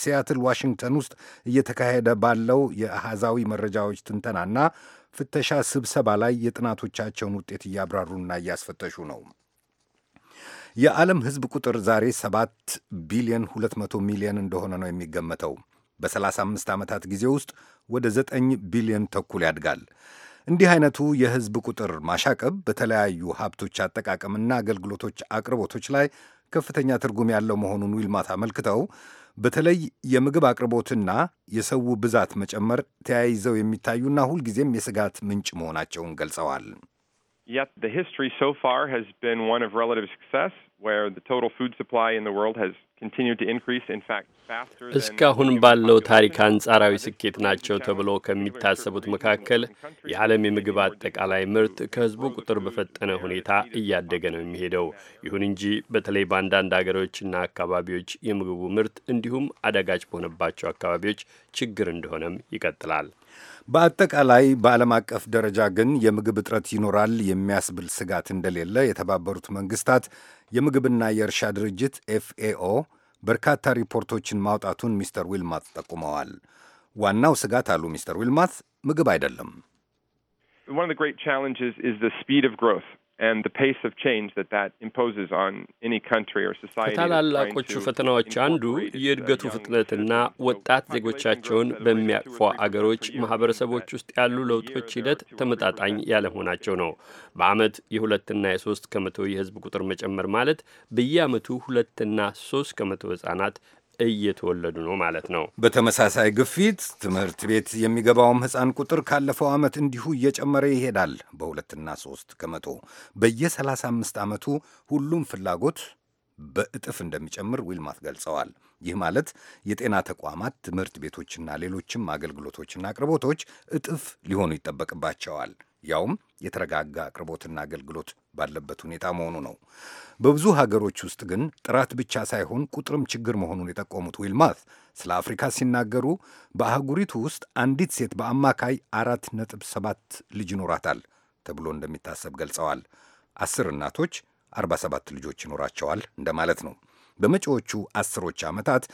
Speaker 10: ሲያትል ዋሽንግተን ውስጥ እየተካሄደ ባለው የአሃዛዊ መረጃዎች ትንተናና ፍተሻ ስብሰባ ላይ የጥናቶቻቸውን ውጤት እያብራሩና እያስፈተሹ ነው። የዓለም ሕዝብ ቁጥር ዛሬ 7 ቢሊዮን 200 ሚሊዮን እንደሆነ ነው የሚገመተው። በ35 ዓመታት ጊዜ ውስጥ ወደ 9 ቢሊዮን ተኩል ያድጋል። እንዲህ አይነቱ የሕዝብ ቁጥር ማሻቀብ በተለያዩ ሀብቶች አጠቃቀምና አገልግሎቶች አቅርቦቶች ላይ ከፍተኛ ትርጉም ያለው መሆኑን ዊልማት አመልክተው በተለይ የምግብ አቅርቦትና የሰው ብዛት መጨመር ተያይዘው የሚታዩና ሁልጊዜም የስጋት ምንጭ መሆናቸውን ገልጸዋል።
Speaker 2: Yet the history so far has been one of relative success. where the እስካሁን ባለው ታሪክ አንጻራዊ ስኬት ናቸው ተብሎ ከሚታሰቡት መካከል የዓለም የምግብ አጠቃላይ ምርት ከህዝቡ ቁጥር በፈጠነ ሁኔታ እያደገ ነው የሚሄደው። ይሁን እንጂ በተለይ በአንዳንድ አገሮችና አካባቢዎች የምግቡ ምርት እንዲሁም አዳጋች በሆነባቸው አካባቢዎች ችግር እንደሆነም ይቀጥላል።
Speaker 10: በአጠቃላይ በዓለም አቀፍ ደረጃ ግን የምግብ እጥረት ይኖራል የሚያስብል ስጋት እንደሌለ የተባበሩት መንግስታት የምግብና የእርሻ ድርጅት ኤፍኤኦ በርካታ ሪፖርቶችን ማውጣቱን ሚስተር ዊልማት ጠቁመዋል። ዋናው ስጋት አሉ ሚስተር ዊልማት ምግብ አይደለም።
Speaker 4: One of the great challenges is the speed of growth.
Speaker 2: and the pace of change that that imposes on any country or society. ከታላላቆቹ ፈተናዎች አንዱ uh, የእድገቱ ፍጥነትና ወጣት ዜጎቻቸውን በሚያቅፉ አገሮች ማህበረሰቦች ውስጥ ያሉ ለውጦች ሂደት ተመጣጣኝ ያለመሆናቸው ነው። በአመት የሁለትና የሶስት ከመቶ የህዝብ ቁጥር መጨመር ማለት በየአመቱ ሁለትና ሶስት ከመቶ ህጻናት እየተወለዱ ነው ማለት ነው።
Speaker 10: በተመሳሳይ ግፊት ትምህርት ቤት የሚገባውም ሕፃን ቁጥር ካለፈው ዓመት እንዲሁ እየጨመረ ይሄዳል። በሁለትና ሦስት ከመቶ በየ35 ዓመቱ ሁሉም ፍላጎት በእጥፍ እንደሚጨምር ዊልማት ገልጸዋል። ይህ ማለት የጤና ተቋማት፣ ትምህርት ቤቶችና ሌሎችም አገልግሎቶችና አቅርቦቶች እጥፍ ሊሆኑ ይጠበቅባቸዋል። ያውም የተረጋጋ አቅርቦትና አገልግሎት ባለበት ሁኔታ መሆኑ ነው። በብዙ ሀገሮች ውስጥ ግን ጥራት ብቻ ሳይሆን ቁጥርም ችግር መሆኑን የጠቆሙት ዊልማት ስለ አፍሪካ ሲናገሩ በአህጉሪቱ ውስጥ አንዲት ሴት በአማካይ አራት ነጥብ ሰባት ልጅ ይኖራታል ተብሎ እንደሚታሰብ ገልጸዋል። አስር እናቶች አርባ ሰባት ልጆች ይኖራቸዋል እንደማለት ነው። በመጪዎቹ አስሮች ዓመታት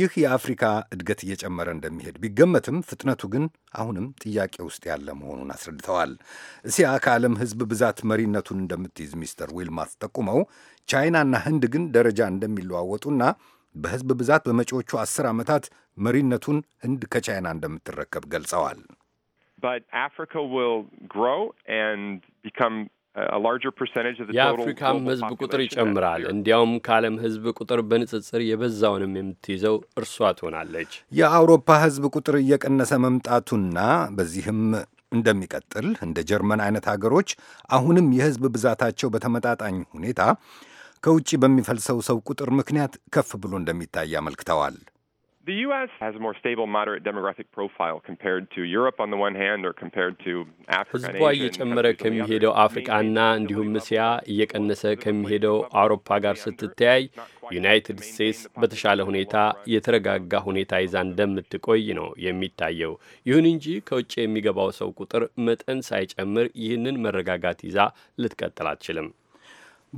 Speaker 10: ይህ የአፍሪካ እድገት እየጨመረ እንደሚሄድ ቢገመትም ፍጥነቱ ግን አሁንም ጥያቄ ውስጥ ያለ መሆኑን አስረድተዋል። እስያ ከዓለም ሕዝብ ብዛት መሪነቱን እንደምትይዝ ሚስተር ዊልማት ጠቁመው ቻይናና ህንድ ግን ደረጃ እንደሚለዋወጡና በሕዝብ ብዛት በመጪዎቹ አስር ዓመታት መሪነቱን ህንድ ከቻይና እንደምትረከብ ገልጸዋል።
Speaker 4: but Africa will grow and become የአፍሪካም ህዝብ ቁጥር
Speaker 2: ይጨምራል። እንዲያውም ከዓለም ህዝብ ቁጥር በንጽጽር የበዛውንም የምትይዘው እርሷ ትሆናለች።
Speaker 10: የአውሮፓ ህዝብ ቁጥር እየቀነሰ መምጣቱና በዚህም እንደሚቀጥል እንደ ጀርመን አይነት አገሮች አሁንም የህዝብ ብዛታቸው በተመጣጣኝ ሁኔታ ከውጭ በሚፈልሰው ሰው ቁጥር ምክንያት ከፍ ብሎ
Speaker 2: እንደሚታይ አመልክተዋል። The U.S. has a more stable, moderate demographic profile compared to Europe on the one hand or compared to Africa. እየጨመረ ከሚሄደው አፍሪቃና እንዲሁም እስያ እየቀነሰ ከሚሄደው አውሮፓ ጋር ስትተያይ ዩናይትድ ስቴትስ በተሻለ ሁኔታ የተረጋጋ ሁኔታ ይዛ እንደምትቆይ ነው የሚታየው። ይሁን እንጂ ከውጭ የሚገባው ሰው ቁጥር መጠን ሳይጨምር ይህንን መረጋጋት ይዛ ልትቀጥል አትችልም።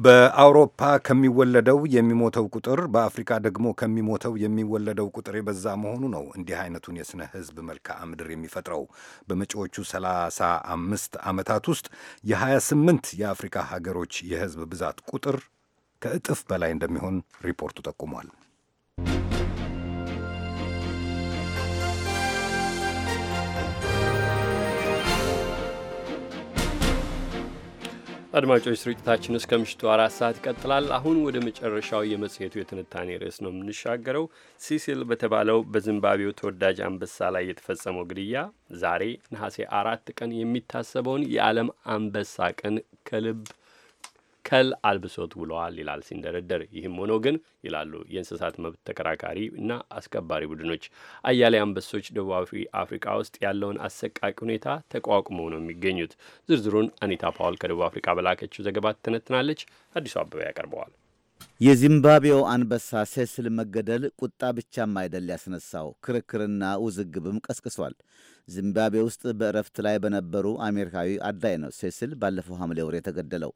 Speaker 10: በአውሮፓ ከሚወለደው የሚሞተው ቁጥር በአፍሪካ ደግሞ ከሚሞተው የሚወለደው ቁጥር የበዛ መሆኑ ነው እንዲህ አይነቱን የሥነ ሕዝብ መልክዓ ምድር የሚፈጥረው። በመጪዎቹ 35 ዓመታት ውስጥ የ28 የአፍሪካ ሀገሮች የሕዝብ ብዛት ቁጥር ከእጥፍ በላይ እንደሚሆን ሪፖርቱ ጠቁሟል።
Speaker 2: አድማጮች ስርጭታችን እስከ ምሽቱ አራት ሰዓት ይቀጥላል። አሁን ወደ መጨረሻው የመጽሔቱ የትንታኔ ርዕስ ነው የምንሻገረው። ሲሲል በተባለው በዚምባብዌው ተወዳጅ አንበሳ ላይ የተፈጸመው ግድያ ዛሬ ነሐሴ አራት ቀን የሚታሰበውን የዓለም አንበሳ ቀን ከልብ ከል አልብሶት ውለዋል ይላል ሲንደረደር። ይህም ሆኖ ግን ይላሉ የእንስሳት መብት ተከራካሪ እና አስከባሪ ቡድኖች አያሌ አንበሶች ደቡብ አፍሪካ ውስጥ ያለውን አሰቃቂ ሁኔታ ተቋቁመው ነው የሚገኙት። ዝርዝሩን አኒታ ፓውል ከደቡብ አፍሪካ በላከችው ዘገባ ትተነትናለች። አዲሱ አበባ ያቀርበዋል።
Speaker 11: የዚምባብዌው አንበሳ ሴስል መገደል ቁጣ ብቻም አይደል ያስነሳው፣ ክርክርና ውዝግብም ቀስቅሷል። ዚምባብዌ ውስጥ በእረፍት ላይ በነበሩ አሜሪካዊ አዳይ ነው ሴስል ባለፈው ሐምሌ ወር የተገደለው።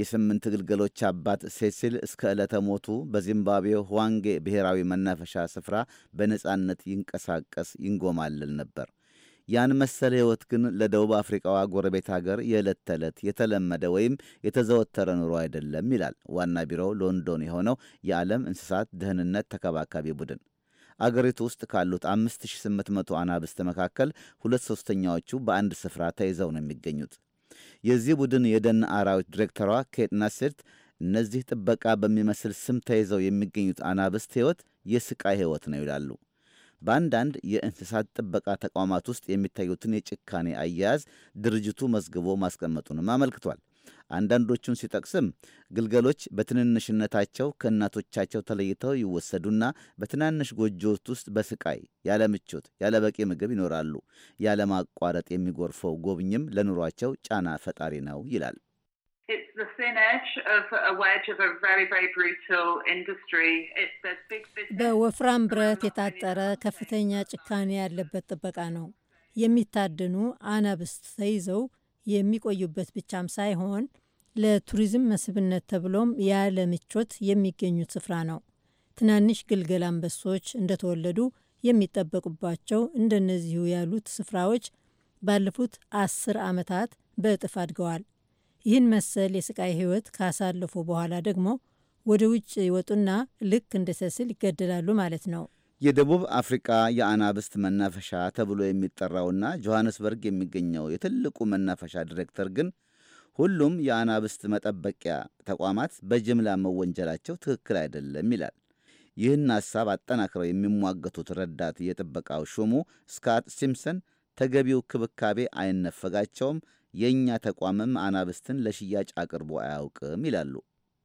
Speaker 11: የስምንት ግልገሎች አባት ሴሲል እስከ ዕለተ ሞቱ በዚምባብዌ ሁዋንጌ ብሔራዊ መናፈሻ ስፍራ በነጻነት ይንቀሳቀስ ይንጎማልል ነበር። ያን መሰለ ሕይወት ግን ለደቡብ አፍሪቃዋ ጎረቤት ሀገር የዕለት ተዕለት የተለመደ ወይም የተዘወተረ ኑሮ አይደለም ይላል ዋና ቢሮው ሎንዶን የሆነው የዓለም እንስሳት ደህንነት ተከባካቢ ቡድን። አገሪቱ ውስጥ ካሉት 5800 አናብስት መካከል ሁለት ሶስተኛዎቹ በአንድ ስፍራ ተይዘው ነው የሚገኙት። የዚህ ቡድን የደን አራዊት ዲሬክተሯ ኬት ናሴርት እነዚህ ጥበቃ በሚመስል ስም ተይዘው የሚገኙት አናብስት ሕይወት የስቃይ ሕይወት ነው ይላሉ። በአንዳንድ የእንስሳት ጥበቃ ተቋማት ውስጥ የሚታዩትን የጭካኔ አያያዝ ድርጅቱ መዝግቦ ማስቀመጡንም አመልክቷል። አንዳንዶቹን ሲጠቅስም ግልገሎች በትንንሽነታቸው ከእናቶቻቸው ተለይተው ይወሰዱና በትናንሽ ጎጆዎች ውስጥ በስቃይ ያለ ምቾት፣ ያለ በቂ ምግብ ይኖራሉ። ያለ ማቋረጥ የሚጎርፈው ጎብኝም ለኑሯቸው ጫና ፈጣሪ ነው ይላል።
Speaker 5: በወፍራም ብረት የታጠረ ከፍተኛ ጭካኔ ያለበት ጥበቃ ነው። የሚታደኑ አናብስት ተይዘው የሚቆዩበት ብቻም ሳይሆን ለቱሪዝም መስህብነት ተብሎም ያለ ምቾት የሚገኙት ስፍራ ነው። ትናንሽ ግልገል አንበሶች እንደተወለዱ የሚጠበቁባቸው እንደነዚሁ ያሉት ስፍራዎች ባለፉት አስር ዓመታት በእጥፍ አድገዋል። ይህን መሰል የስቃይ ህይወት ካሳለፉ በኋላ ደግሞ ወደ ውጭ ይወጡና ልክ እንደ ሰስል ይገደላሉ ማለት ነው።
Speaker 11: የደቡብ አፍሪቃ የአናብስት መናፈሻ ተብሎ የሚጠራውና ጆሐንስበርግ የሚገኘው የትልቁ መናፈሻ ዲሬክተር ግን ሁሉም የአናብስት መጠበቂያ ተቋማት በጅምላ መወንጀላቸው ትክክል አይደለም ይላል። ይህን ሐሳብ አጠናክረው የሚሟገቱት ረዳት የጥበቃው ሹሙ ስካት ሲምፕሰን ተገቢው ክብካቤ አይነፈጋቸውም፣ የእኛ ተቋምም አናብስትን ለሽያጭ አቅርቦ አያውቅም ይላሉ።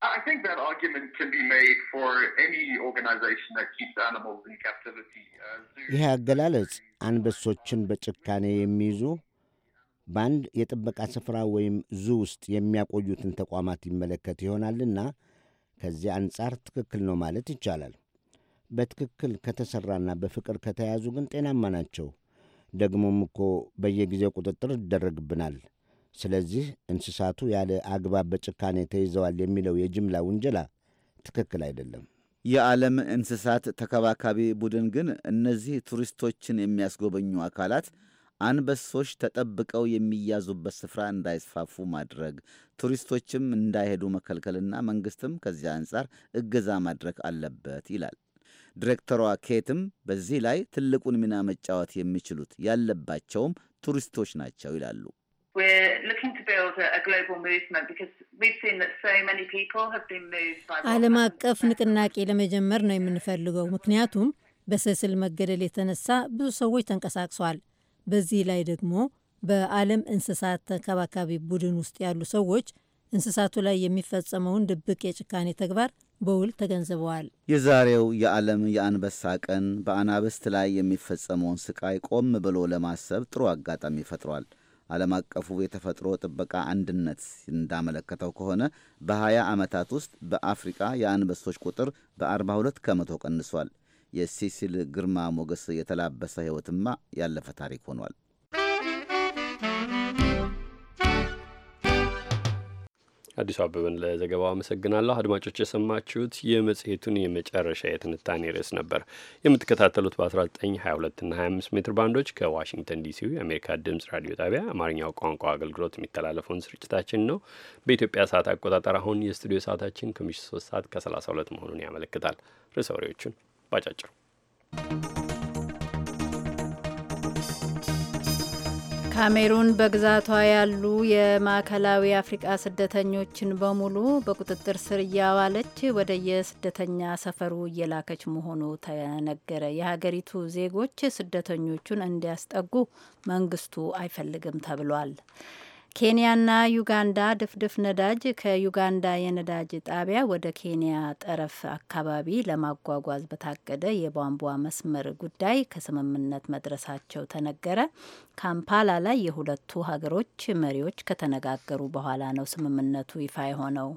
Speaker 1: I think that argument can be made for any organization that keeps animals in captivity.
Speaker 12: ይህ uh, አገላለጽ አንበሶችን በጭካኔ የሚይዙ በአንድ የጥበቃ ስፍራ ወይም ዙ ውስጥ የሚያቆዩትን ተቋማት ይመለከት ይሆናልና ከዚህ አንጻር ትክክል ነው ማለት ይቻላል። በትክክል ከተሠራና በፍቅር ከተያዙ ግን ጤናማ ናቸው። ደግሞም እኮ በየጊዜው ቁጥጥር ይደረግብናል። ስለዚህ እንስሳቱ ያለ አግባብ በጭካኔ ተይዘዋል የሚለው የጅምላ ውንጀላ ትክክል አይደለም።
Speaker 11: የዓለም እንስሳት ተከባካቢ ቡድን ግን እነዚህ ቱሪስቶችን የሚያስጎበኙ አካላት አንበሶች ተጠብቀው የሚያዙበት ስፍራ እንዳይስፋፉ ማድረግ፣ ቱሪስቶችም እንዳይሄዱ መከልከልና መንግስትም ከዚያ አንጻር እገዛ ማድረግ አለበት ይላል። ዲሬክተሯ ኬትም በዚህ ላይ ትልቁን ሚና መጫወት የሚችሉት ያለባቸውም ቱሪስቶች ናቸው ይላሉ።
Speaker 1: ዓለም
Speaker 5: አቀፍ ንቅናቄ ለመጀመር ነው የምንፈልገው። ምክንያቱም በሰስል መገደል የተነሳ ብዙ ሰዎች ተንቀሳቅሰዋል። በዚህ ላይ ደግሞ በዓለም እንስሳት ተንከባካቢ ቡድን ውስጥ ያሉ ሰዎች እንስሳቱ ላይ የሚፈጸመውን ድብቅ የጭካኔ ተግባር በውል ተገንዝበዋል።
Speaker 11: የዛሬው የዓለም የአንበሳ ቀን በአናብስት ላይ የሚፈጸመውን ስቃይ ቆም ብሎ ለማሰብ ጥሩ አጋጣሚ ፈጥሯል። ዓለም አቀፉ የተፈጥሮ ጥበቃ አንድነት እንዳመለከተው ከሆነ በ20 ዓመታት ውስጥ በአፍሪቃ የአንበሶች ቁጥር በ42 ከመቶ ቀንሷል። የሲሲል ግርማ ሞገስ የተላበሰ ሕይወትማ ያለፈ ታሪክ ሆኗል። አዲሱ
Speaker 2: አበበን ለዘገባው አመሰግናለሁ። አድማጮች የሰማችሁት የመጽሔቱን የመጨረሻ የትንታኔ ርዕስ ነበር። የምትከታተሉት በ1922 እና 25 ሜትር ባንዶች ከዋሽንግተን ዲሲ የአሜሪካ ድምፅ ራዲዮ ጣቢያ አማርኛው ቋንቋ አገልግሎት የሚተላለፈውን ስርጭታችን ነው። በኢትዮጵያ ሰዓት አቆጣጠር አሁን የስቱዲዮ ሰዓታችን ከምሽቱ 3 ሰዓት ከ32 መሆኑን ያመለክታል። ርዕሰ ወሬዎቹን ባጫጭሩ
Speaker 4: ካሜሩን በግዛቷ ያሉ የማዕከላዊ አፍሪቃ ስደተኞችን በሙሉ በቁጥጥር ስር እያዋለች ወደ የስደተኛ ሰፈሩ እየላከች መሆኑ ተነገረ። የሀገሪቱ ዜጎች ስደተኞቹን እንዲያስጠጉ መንግስቱ አይፈልግም ተብሏል። ኬንያና ዩጋንዳ ድፍድፍ ነዳጅ ከዩጋንዳ የነዳጅ ጣቢያ ወደ ኬንያ ጠረፍ አካባቢ ለማጓጓዝ በታቀደ የቧንቧ መስመር ጉዳይ ከስምምነት መድረሳቸው ተነገረ። ካምፓላ ላይ የሁለቱ ሀገሮች መሪዎች ከተነጋገሩ በኋላ ነው ስምምነቱ ይፋ የሆነው።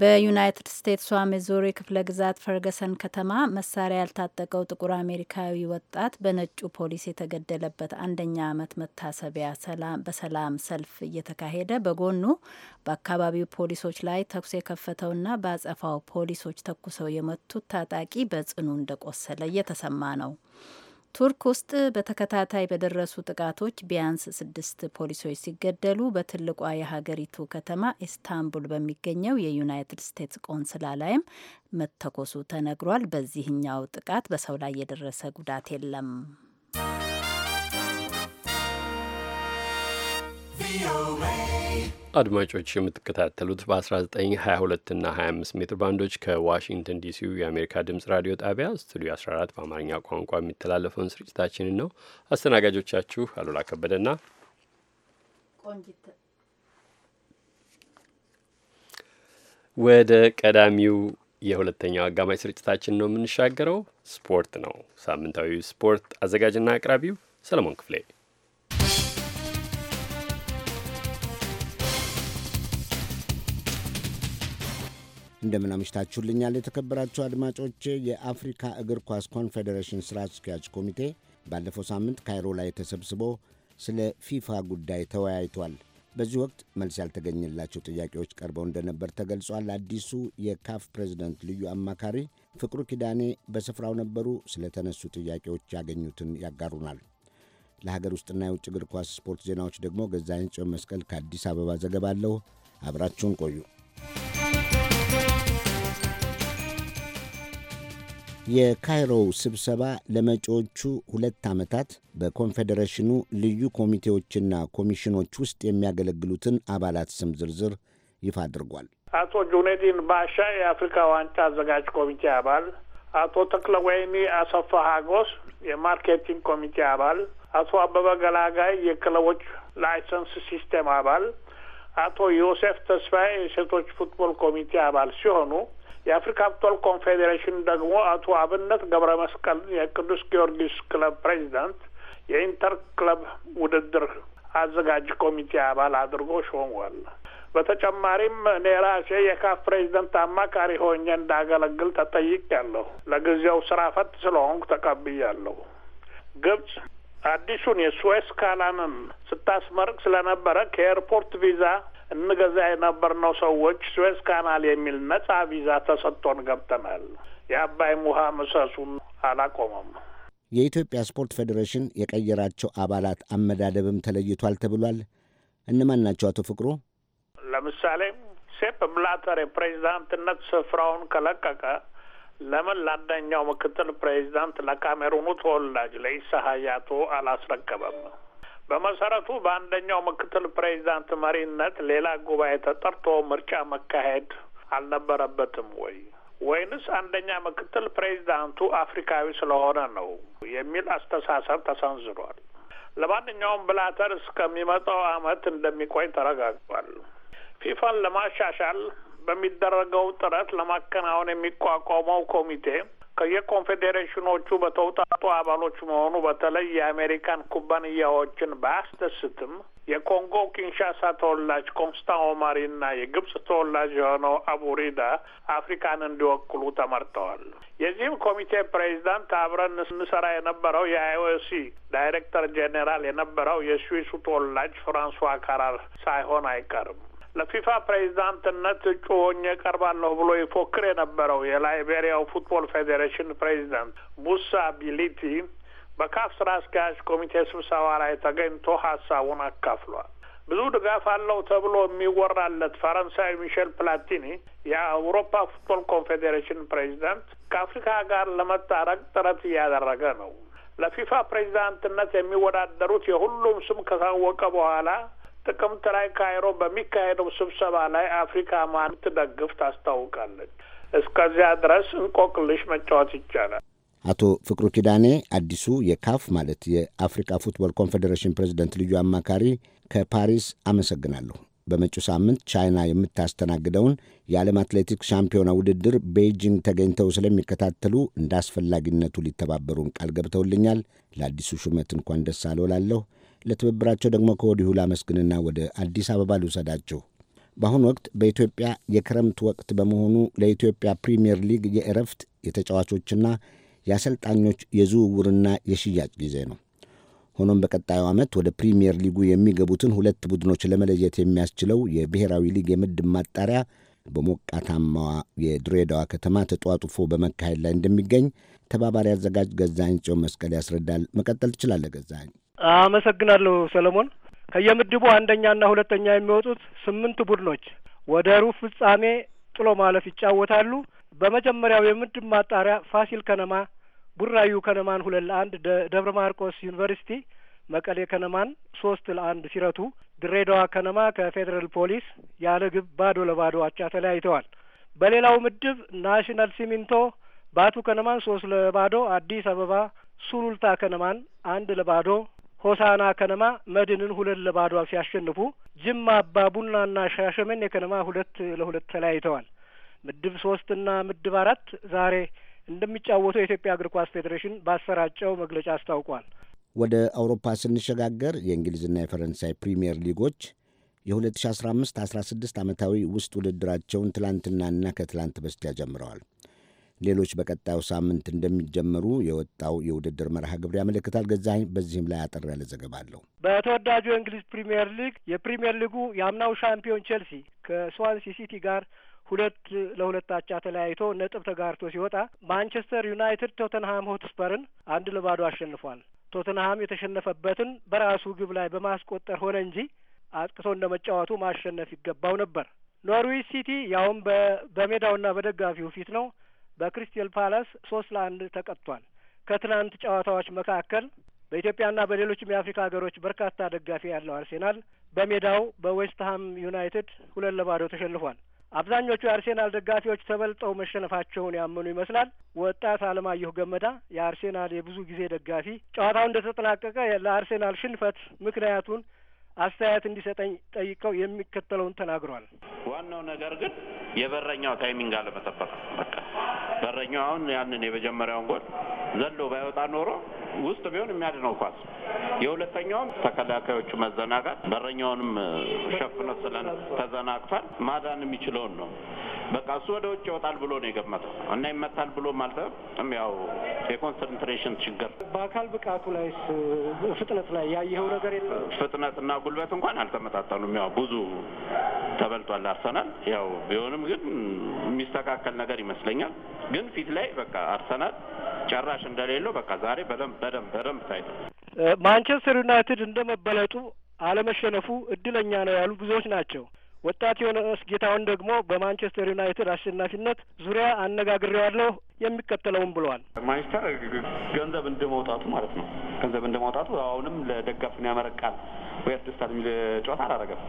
Speaker 4: በዩናይትድ ስቴትሷ ሚዙሪ ክፍለ ግዛት ፈርገሰን ከተማ መሳሪያ ያልታጠቀው ጥቁር አሜሪካዊ ወጣት በነጩ ፖሊስ የተገደለበት አንደኛ ዓመት መታሰቢያ በሰላም ሰልፍ እየተካሄደ በጎኑ በአካባቢው ፖሊሶች ላይ ተኩስ የከፈተውና በአጸፋው ፖሊሶች ተኩሰው የመቱት ታጣቂ በጽኑ እንደቆሰለ እየተሰማ ነው። ቱርክ ውስጥ በተከታታይ በደረሱ ጥቃቶች ቢያንስ ስድስት ፖሊሶች ሲገደሉ በትልቋ የሀገሪቱ ከተማ ኢስታንቡል በሚገኘው የዩናይትድ ስቴትስ ቆንስላ ላይም መተኮሱ ተነግሯል። በዚህኛው ጥቃት በሰው ላይ የደረሰ ጉዳት የለም።
Speaker 2: አድማጮች የምትከታተሉት በ1922 እና 25 ሜትር ባንዶች ከዋሽንግተን ዲሲው የአሜሪካ ድምፅ ራዲዮ ጣቢያ ስቱዲዮ 14 በአማርኛ ቋንቋ የሚተላለፈውን ስርጭታችንን ነው። አስተናጋጆቻችሁ አሉላ ከበደና ወደ ቀዳሚው የሁለተኛው አጋማሽ ስርጭታችን ነው የምንሻገረው። ስፖርት ነው። ሳምንታዊ ስፖርት አዘጋጅና አቅራቢው ሰለሞን ክፍሌ
Speaker 12: እንደምን አምሽታችሁልኛል የተከበራችሁ አድማጮች የአፍሪካ እግር ኳስ ኮንፌዴሬሽን ሥራ አስኪያጅ ኮሚቴ ባለፈው ሳምንት ካይሮ ላይ ተሰብስቦ ስለ ፊፋ ጉዳይ ተወያይቷል። በዚህ ወቅት መልስ ያልተገኘላቸው ጥያቄዎች ቀርበው እንደነበር ተገልጿል። አዲሱ የካፍ ፕሬዚደንት ልዩ አማካሪ ፍቅሩ ኪዳኔ በስፍራው ነበሩ። ስለተነሱ ጥያቄዎች ያገኙትን ያጋሩናል። ለሀገር ውስጥና የውጭ እግር ኳስ ስፖርት ዜናዎች ደግሞ ገዛኸኝ ጽዮን መስቀል ከአዲስ አበባ ዘገባ አብራችሁን ቆዩ። የካይሮው ስብሰባ ለመጪዎቹ ሁለት ዓመታት በኮንፌዴሬሽኑ ልዩ ኮሚቴዎችና ኮሚሽኖች ውስጥ የሚያገለግሉትን አባላት ስም ዝርዝር ይፋ አድርጓል።
Speaker 6: አቶ ጁኔዲን ባሻ የአፍሪካ ዋንጫ አዘጋጅ ኮሚቴ አባል፣ አቶ ተክለወይኒ አሰፋ ሀጎስ የማርኬቲንግ ኮሚቴ አባል፣ አቶ አበበ ገላጋይ የክለቦች ላይሰንስ ሲስቴም አባል፣ አቶ ዮሴፍ ተስፋዬ የሴቶች ፉትቦል ኮሚቴ አባል ሲሆኑ የአፍሪካ ፉትቦል ኮንፌዴሬሽን ደግሞ አቶ አብነት ገብረ መስቀል የቅዱስ ጊዮርጊስ ክለብ ፕሬዚዳንት የኢንተር ክለብ ውድድር አዘጋጅ ኮሚቴ አባል አድርጎ ሾሟል። በተጨማሪም እኔ ራሴ የካፍ ፕሬዚደንት አማካሪ ሆኜ እንዳገለግል ተጠይቄያለሁ። ለጊዜው ስራ ፈት ስለሆንኩ ተቀብያለሁ። ግብጽ አዲሱን የሱዌስ ካናልን ስታስመርቅ ስለነበረ ከኤርፖርት ቪዛ እንገዛ የነበርነው ሰዎች ስዌዝ ካናል የሚል ነጻ ቪዛ ተሰጥቶን ገብተናል። የአባይ ውሃ ምሰሱን አላቆመም።
Speaker 12: የኢትዮጵያ ስፖርት ፌዴሬሽን የቀየራቸው አባላት አመዳደብም ተለይቷል ተብሏል። እነማን ናቸው አቶ ፍቅሩ?
Speaker 6: ለምሳሌ ሴፕ ብላተር የፕሬዚዳንትነት ስፍራውን ከለቀቀ ለምን ለአንደኛው ምክትል ፕሬዚዳንት ለካሜሩኑ ተወላጅ ለኢሳ ሀያቶ አላስረከበም? በመሰረቱ በአንደኛው ምክትል ፕሬዚዳንት መሪነት ሌላ ጉባኤ ተጠርቶ ምርጫ መካሄድ አልነበረበትም ወይ ወይንስ አንደኛ ምክትል ፕሬዚዳንቱ አፍሪካዊ ስለሆነ ነው የሚል አስተሳሰብ ተሰንዝሯል። ለማንኛውም ብላተር እስከሚመጣው ዓመት እንደሚቆይ ተረጋግጧል። ፊፋን ለማሻሻል በሚደረገው ጥረት ለማከናወን የሚቋቋመው ኮሚቴ ከየኮንፌዴሬሽኖቹ በተውጣጡ አባሎች መሆኑ በተለይ የአሜሪካን ኩባንያዎችን ባያስደስትም የኮንጎ ኪንሻሳ ተወላጅ ኮንስታን ኦማሪ እና የግብጽ ተወላጅ የሆነው አቡሪዳ አፍሪካን እንዲወክሉ ተመርጠዋል። የዚህም ኮሚቴ ፕሬዚዳንት አብረን ስንሰራ የነበረው የአይኦሲ ዳይሬክተር ጄኔራል የነበረው የስዊሱ ተወላጅ ፍራንሷ ካራር ሳይሆን አይቀርም። ለፊፋ ፕሬዚዳንትነት እጩ ሆኜ ቀርባለሁ ብሎ ይፎክር የነበረው የላይቤሪያው ፉትቦል ፌዴሬሽን ፕሬዚዳንት ሙሳ ቢሊቲ በካፍ ስራ አስኪያጅ ኮሚቴ ስብሰባ ላይ ተገኝቶ ሀሳቡን አካፍሏል። ብዙ ድጋፍ አለው ተብሎ የሚወራለት ፈረንሳዊ ሚሼል ፕላቲኒ የአውሮፓ ፉትቦል ኮንፌዴሬሽን ፕሬዚዳንት ከአፍሪካ ጋር ለመታረቅ ጥረት እያደረገ ነው። ለፊፋ ፕሬዚዳንትነት የሚወዳደሩት የሁሉም ስም ከታወቀ በኋላ ጥቅምት ላይ ካይሮ በሚካሄደው ስብሰባ ላይ አፍሪካ ማን ትደግፍ ታስታውቃለች። እስከዚያ ድረስ እንቆቅልሽ መጫወት ይቻላል።
Speaker 12: አቶ ፍቅሩ ኪዳኔ አዲሱ የካፍ ማለት የአፍሪካ ፉትቦል ኮንፌዴሬሽን ፕሬዚደንት ልዩ አማካሪ ከፓሪስ አመሰግናለሁ። በመጪው ሳምንት ቻይና የምታስተናግደውን የዓለም አትሌቲክስ ሻምፒዮና ውድድር ቤይጂንግ ተገኝተው ስለሚከታተሉ እንደ አስፈላጊነቱ ሊተባበሩን ቃል ገብተውልኛል። ለአዲሱ ሹመት እንኳን ደስ አለዎላለሁ። ለትብብራቸው ደግሞ ከወዲሁ ላመስግንና ወደ አዲስ አበባ ልውሰዳችሁ። በአሁኑ ወቅት በኢትዮጵያ የክረምት ወቅት በመሆኑ ለኢትዮጵያ ፕሪምየር ሊግ የእረፍት የተጫዋቾችና የአሰልጣኞች የዝውውርና የሽያጭ ጊዜ ነው። ሆኖም በቀጣዩ ዓመት ወደ ፕሪምየር ሊጉ የሚገቡትን ሁለት ቡድኖች ለመለየት የሚያስችለው የብሔራዊ ሊግ የምድብ ማጣሪያ በሞቃታማዋ የድሬዳዋ ከተማ ተጧጡፎ በመካሄድ ላይ እንደሚገኝ ተባባሪ አዘጋጅ ገዛኝ ጽዮን መስቀል ያስረዳል። መቀጠል ትችላለህ ገዛኝ።
Speaker 13: አመሰግናለሁ ሰለሞን። ከየምድቡ አንደኛና ሁለተኛ የሚወጡት ስምንት ቡድኖች ወደ ሩብ ፍጻሜ ጥሎ ማለፍ ይጫወታሉ። በመጀመሪያው የምድብ ማጣሪያ ፋሲል ከነማ ቡራዩ ከነማን ሁለት ለአንድ፣ ደብረ ማርቆስ ዩኒቨርሲቲ መቀሌ ከነማን ሶስት ለአንድ ሲረቱ፣ ድሬዳዋ ከነማ ከፌዴራል ፖሊስ ያለ ግብ ባዶ ለባዶ አቻ ተለያይተዋል። በሌላው ምድብ ናሽናል ሲሚንቶ ባቱ ከነማን ሶስት ለባዶ፣ አዲስ አበባ ሱሉልታ ከነማን አንድ ለባዶ ሆሳና ከነማ መድንን ሁለት ለባዶ ሲያሸንፉ ጅማ አባ ቡናና ሻሸመኔ ከነማ ሁለት ለሁለት ተለያይተዋል። ምድብ ሶስትና ምድብ አራት ዛሬ እንደሚጫወቱ የኢትዮጵያ እግር ኳስ ፌዴሬሽን ባሰራጨው መግለጫ አስታውቋል።
Speaker 12: ወደ አውሮፓ ስንሸጋገር የእንግሊዝና የፈረንሳይ ፕሪምየር ሊጎች የ2015 16 ዓመታዊ ውስጥ ውድድራቸውን ትላንትናና ከትላንት በስቲያ ጀምረዋል። ሌሎች በቀጣዩ ሳምንት እንደሚጀመሩ የወጣው የውድድር መርሃ ግብር ያመለክታል። ገዛኸኝ በዚህም ላይ አጠር ያለ ዘገባ አለው።
Speaker 13: በተወዳጁ የእንግሊዝ ፕሪምየር ሊግ የፕሪምየር ሊጉ የአምናው ሻምፒዮን ቼልሲ ከስዋንሲ ሲቲ ጋር ሁለት ለሁለት አቻ ተለያይቶ ነጥብ ተጋርቶ ሲወጣ ማንቸስተር ዩናይትድ ቶተንሃም ሆትስፐርን አንድ ለባዶ አሸንፏል። ቶተንሃም የተሸነፈበትን በራሱ ግብ ላይ በማስቆጠር ሆነ እንጂ አጥቅቶ እንደ መጫወቱ ማሸነፍ ይገባው ነበር። ኖርዊች ሲቲ ያውም በሜዳውና በደጋፊው ፊት ነው በክሪስቲል ፓላስ ሶስት ለአንድ ተቀጥቷል። ከትናንት ጨዋታዎች መካከል በኢትዮጵያና በሌሎችም የአፍሪካ ሀገሮች በርካታ ደጋፊ ያለው አርሴናል በሜዳው በዌስትሃም ዩናይትድ ሁለት ለባዶ ተሸንፏል። አብዛኞቹ የአርሴናል ደጋፊዎች ተበልጠው መሸነፋቸውን ያመኑ ይመስላል። ወጣት አለማየሁ ገመዳ የአርሴናል የብዙ ጊዜ ደጋፊ ጨዋታው እንደተጠናቀቀ ለአርሴናል ሽንፈት ምክንያቱን አስተያየት እንዲሰጠኝ ጠይቀው የሚከተለውን ተናግሯል።
Speaker 6: ዋናው ነገር ግን የበረኛው ታይሚንግ አለመጠበቅ። በቃ በረኛው አሁን ያንን የመጀመሪያውን ጎል ዘሎ ባይወጣ ኖሮ ውስጥ ቢሆን የሚያድነው ኳስ።
Speaker 8: የሁለተኛውም
Speaker 6: ተከላካዮቹ መዘናጋት በረኛውንም ሸፍኖ ስለን ተዘናግቷል። ማዳን የሚችለውን ነው በቃ እሱ ወደ ውጭ ይወጣል ብሎ ነው የገመተው እና ይመታል ብሎ ማለትም ያው የኮንሰንትሬሽን ችግር።
Speaker 13: በአካል ብቃቱ ላይ ፍጥነት ላይ ያየኸው ነገር የለም?
Speaker 6: ፍጥነት እና ጉልበት እንኳን አልተመጣጠኑም። ያው ብዙ ተበልጧል አርሰናል። ያው ቢሆንም ግን የሚስተካከል ነገር ይመስለኛል። ግን ፊት ላይ በቃ አርሰናል ጨራሽ እንደሌለው በቃ ዛሬ በደንብ በደንብ በደንብ ታይቶ
Speaker 13: ማንቸስተር ዩናይትድ እንደ መበለጡ አለመሸነፉ እድለኛ ነው ያሉ ብዙዎች ናቸው። ወጣት የሆነ ጌታውን ደግሞ በማንቸስተር ዩናይትድ አሸናፊነት ዙሪያ አነጋግሬዋለሁ የሚከተለውም ብለዋል። ማንቸስተር ገንዘብ እንደ መውጣቱ ማለት ነው። ገንዘብ እንደ መውጣቱ አሁንም ለደጋፊውን ያመረቃል
Speaker 6: ወይ ያስደስታል የሚል ጨዋታ አላረገም።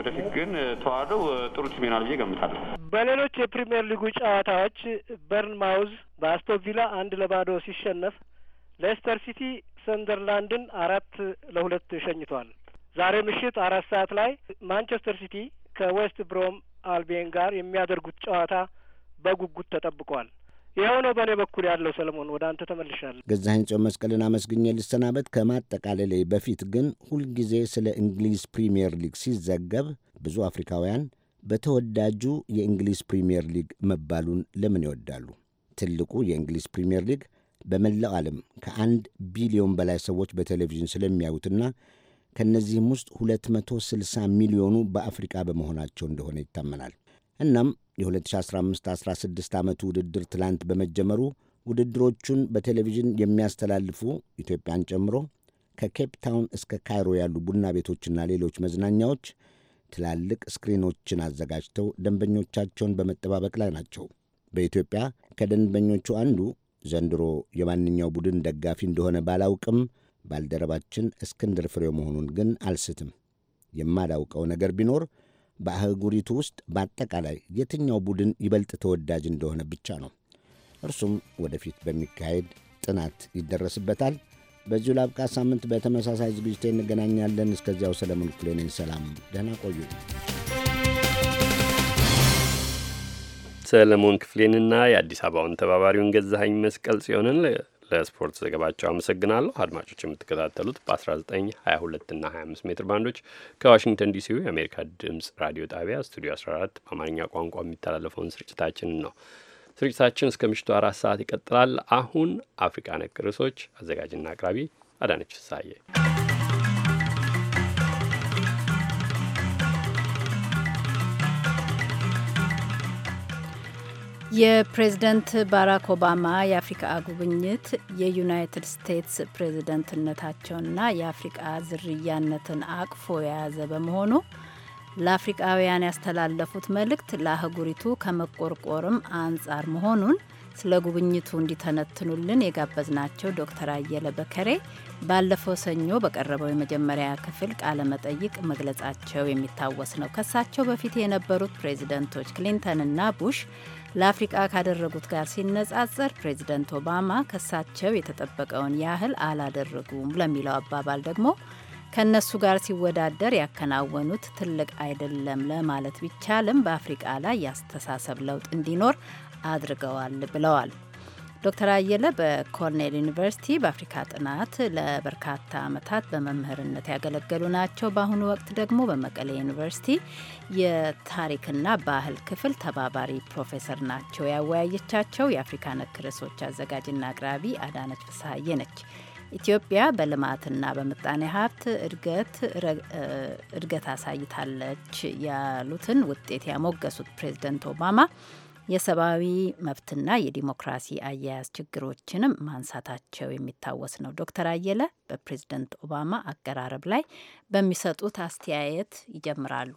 Speaker 6: ወደፊት ግን ተዋህዶ ጥሩ ቲም ይሆናል ብዬ ገምታለሁ።
Speaker 13: በሌሎች የፕሪምየር ሊጉ ጨዋታዎች በርንማውዝ በአስቶን አንድ ለባዶ ሲሸነፍ ሌስተር ሲቲ ሰንደርላንድን አራት ለሁለት ሸኝቷል። ዛሬ ምሽት አራት ሰዓት ላይ ማንቸስተር ሲቲ ከዌስት ብሮም አልቤን ጋር የሚያደርጉት ጨዋታ በጉጉት ተጠብቋል። ይኸው ነው በእኔ በኩል ያለው። ሰለሞን ወደ አንተ ተመልሻለሁ።
Speaker 12: ገዛኸኝ ጽዮን መስቀልን አመስግኜ ልሰናበት። ከማጠቃለሌ በፊት ግን ሁልጊዜ ስለ እንግሊዝ ፕሪምየር ሊግ ሲዘገብ ብዙ አፍሪካውያን በተወዳጁ የእንግሊዝ ፕሪምየር ሊግ መባሉን ለምን ይወዳሉ? ትልቁ የእንግሊዝ ፕሪምየር ሊግ በመላው ዓለም ከአንድ ቢሊዮን በላይ ሰዎች በቴሌቪዥን ስለሚያዩትና ከእነዚህም ውስጥ 260 ሚሊዮኑ በአፍሪቃ በመሆናቸው እንደሆነ ይታመናል። እናም የ2015/16 ዓመቱ ውድድር ትላንት በመጀመሩ ውድድሮቹን በቴሌቪዥን የሚያስተላልፉ ኢትዮጵያን ጨምሮ ከኬፕ ታውን እስከ ካይሮ ያሉ ቡና ቤቶችና ሌሎች መዝናኛዎች ትላልቅ ስክሪኖችን አዘጋጅተው ደንበኞቻቸውን በመጠባበቅ ላይ ናቸው። በኢትዮጵያ ከደንበኞቹ አንዱ ዘንድሮ የማንኛው ቡድን ደጋፊ እንደሆነ ባላውቅም ባልደረባችን እስክንድር ፍሬው መሆኑን ግን አልስትም። የማላውቀው ነገር ቢኖር በአህጉሪቱ ውስጥ በአጠቃላይ የትኛው ቡድን ይበልጥ ተወዳጅ እንደሆነ ብቻ ነው። እርሱም ወደፊት በሚካሄድ ጥናት ይደረስበታል። በዚሁ ላብቃ። ሳምንት በተመሳሳይ ዝግጅት እንገናኛለን። እስከዚያው ሰለሞን ክፍሌ ሰላም፣ ደህና ቆዩ።
Speaker 2: ሰለሞን ክፍሌንና የአዲስ አበባውን ተባባሪውን ገዛኸኝ መስቀል ጽዮንን ለስፖርት ዘገባቸው አመሰግናለሁ። አድማጮች የምትከታተሉት በ1922 እና 25 ሜትር ባንዶች ከዋሽንግተን ዲሲው የአሜሪካ ድምፅ ራዲዮ ጣቢያ ስቱዲዮ 14 በአማርኛ ቋንቋ የሚተላለፈውን ስርጭታችንን ነው። ስርጭታችን እስከ ምሽቱ አራት ሰዓት ይቀጥላል። አሁን አፍሪቃ ነክ ርዕሶች አዘጋጅና አቅራቢ አዳነች ፍሳዬ
Speaker 4: የፕሬዝደንት ባራክ ኦባማ የአፍሪካ ጉብኝት የዩናይትድ ስቴትስ ፕሬዝደንትነታቸውና የአፍሪቃ ዝርያነትን አቅፎ የያዘ በመሆኑ ለአፍሪቃውያን ያስተላለፉት መልእክት ለአህጉሪቱ ከመቆርቆርም አንጻር መሆኑን ስለ ጉብኝቱ እንዲተነትኑልን የጋበዝናቸው ዶክተር አየለ በከሬ ባለፈው ሰኞ በቀረበው የመጀመሪያ ክፍል ቃለ መጠይቅ መግለጻቸው የሚታወስ ነው። ከሳቸው በፊት የነበሩት ፕሬዚደንቶች ክሊንተንና ቡሽ ለአፍሪቃ ካደረጉት ጋር ሲነጻጸር ፕሬዚደንት ኦባማ ከሳቸው የተጠበቀውን ያህል አላደረጉም ለሚለው አባባል ደግሞ ከእነሱ ጋር ሲወዳደር ያከናወኑት ትልቅ አይደለም ለማለት ቢቻልም በአፍሪቃ ላይ ያስተሳሰብ ለውጥ እንዲኖር አድርገዋል ብለዋል። ዶክተር አየለ በኮርኔል ዩኒቨርሲቲ በአፍሪካ ጥናት ለበርካታ ዓመታት በመምህርነት ያገለገሉ ናቸው። በአሁኑ ወቅት ደግሞ በመቀሌ ዩኒቨርሲቲ የታሪክና ባህል ክፍል ተባባሪ ፕሮፌሰር ናቸው። ያወያየቻቸው የአፍሪካ ነክ ርዕሶች አዘጋጅና አቅራቢ አዳነች ፍስሀዬ ነች። ኢትዮጵያ በልማትና በምጣኔ ሀብት እድገት አሳይታለች ያሉትን ውጤት ያሞገሱት ፕሬዝደንት ኦባማ የሰብአዊ መብትና የዲሞክራሲ አያያዝ ችግሮችንም ማንሳታቸው የሚታወስ ነው። ዶክተር አየለ በፕሬዝደንት ኦባማ አቀራረብ ላይ በሚሰጡት አስተያየት ይጀምራሉ።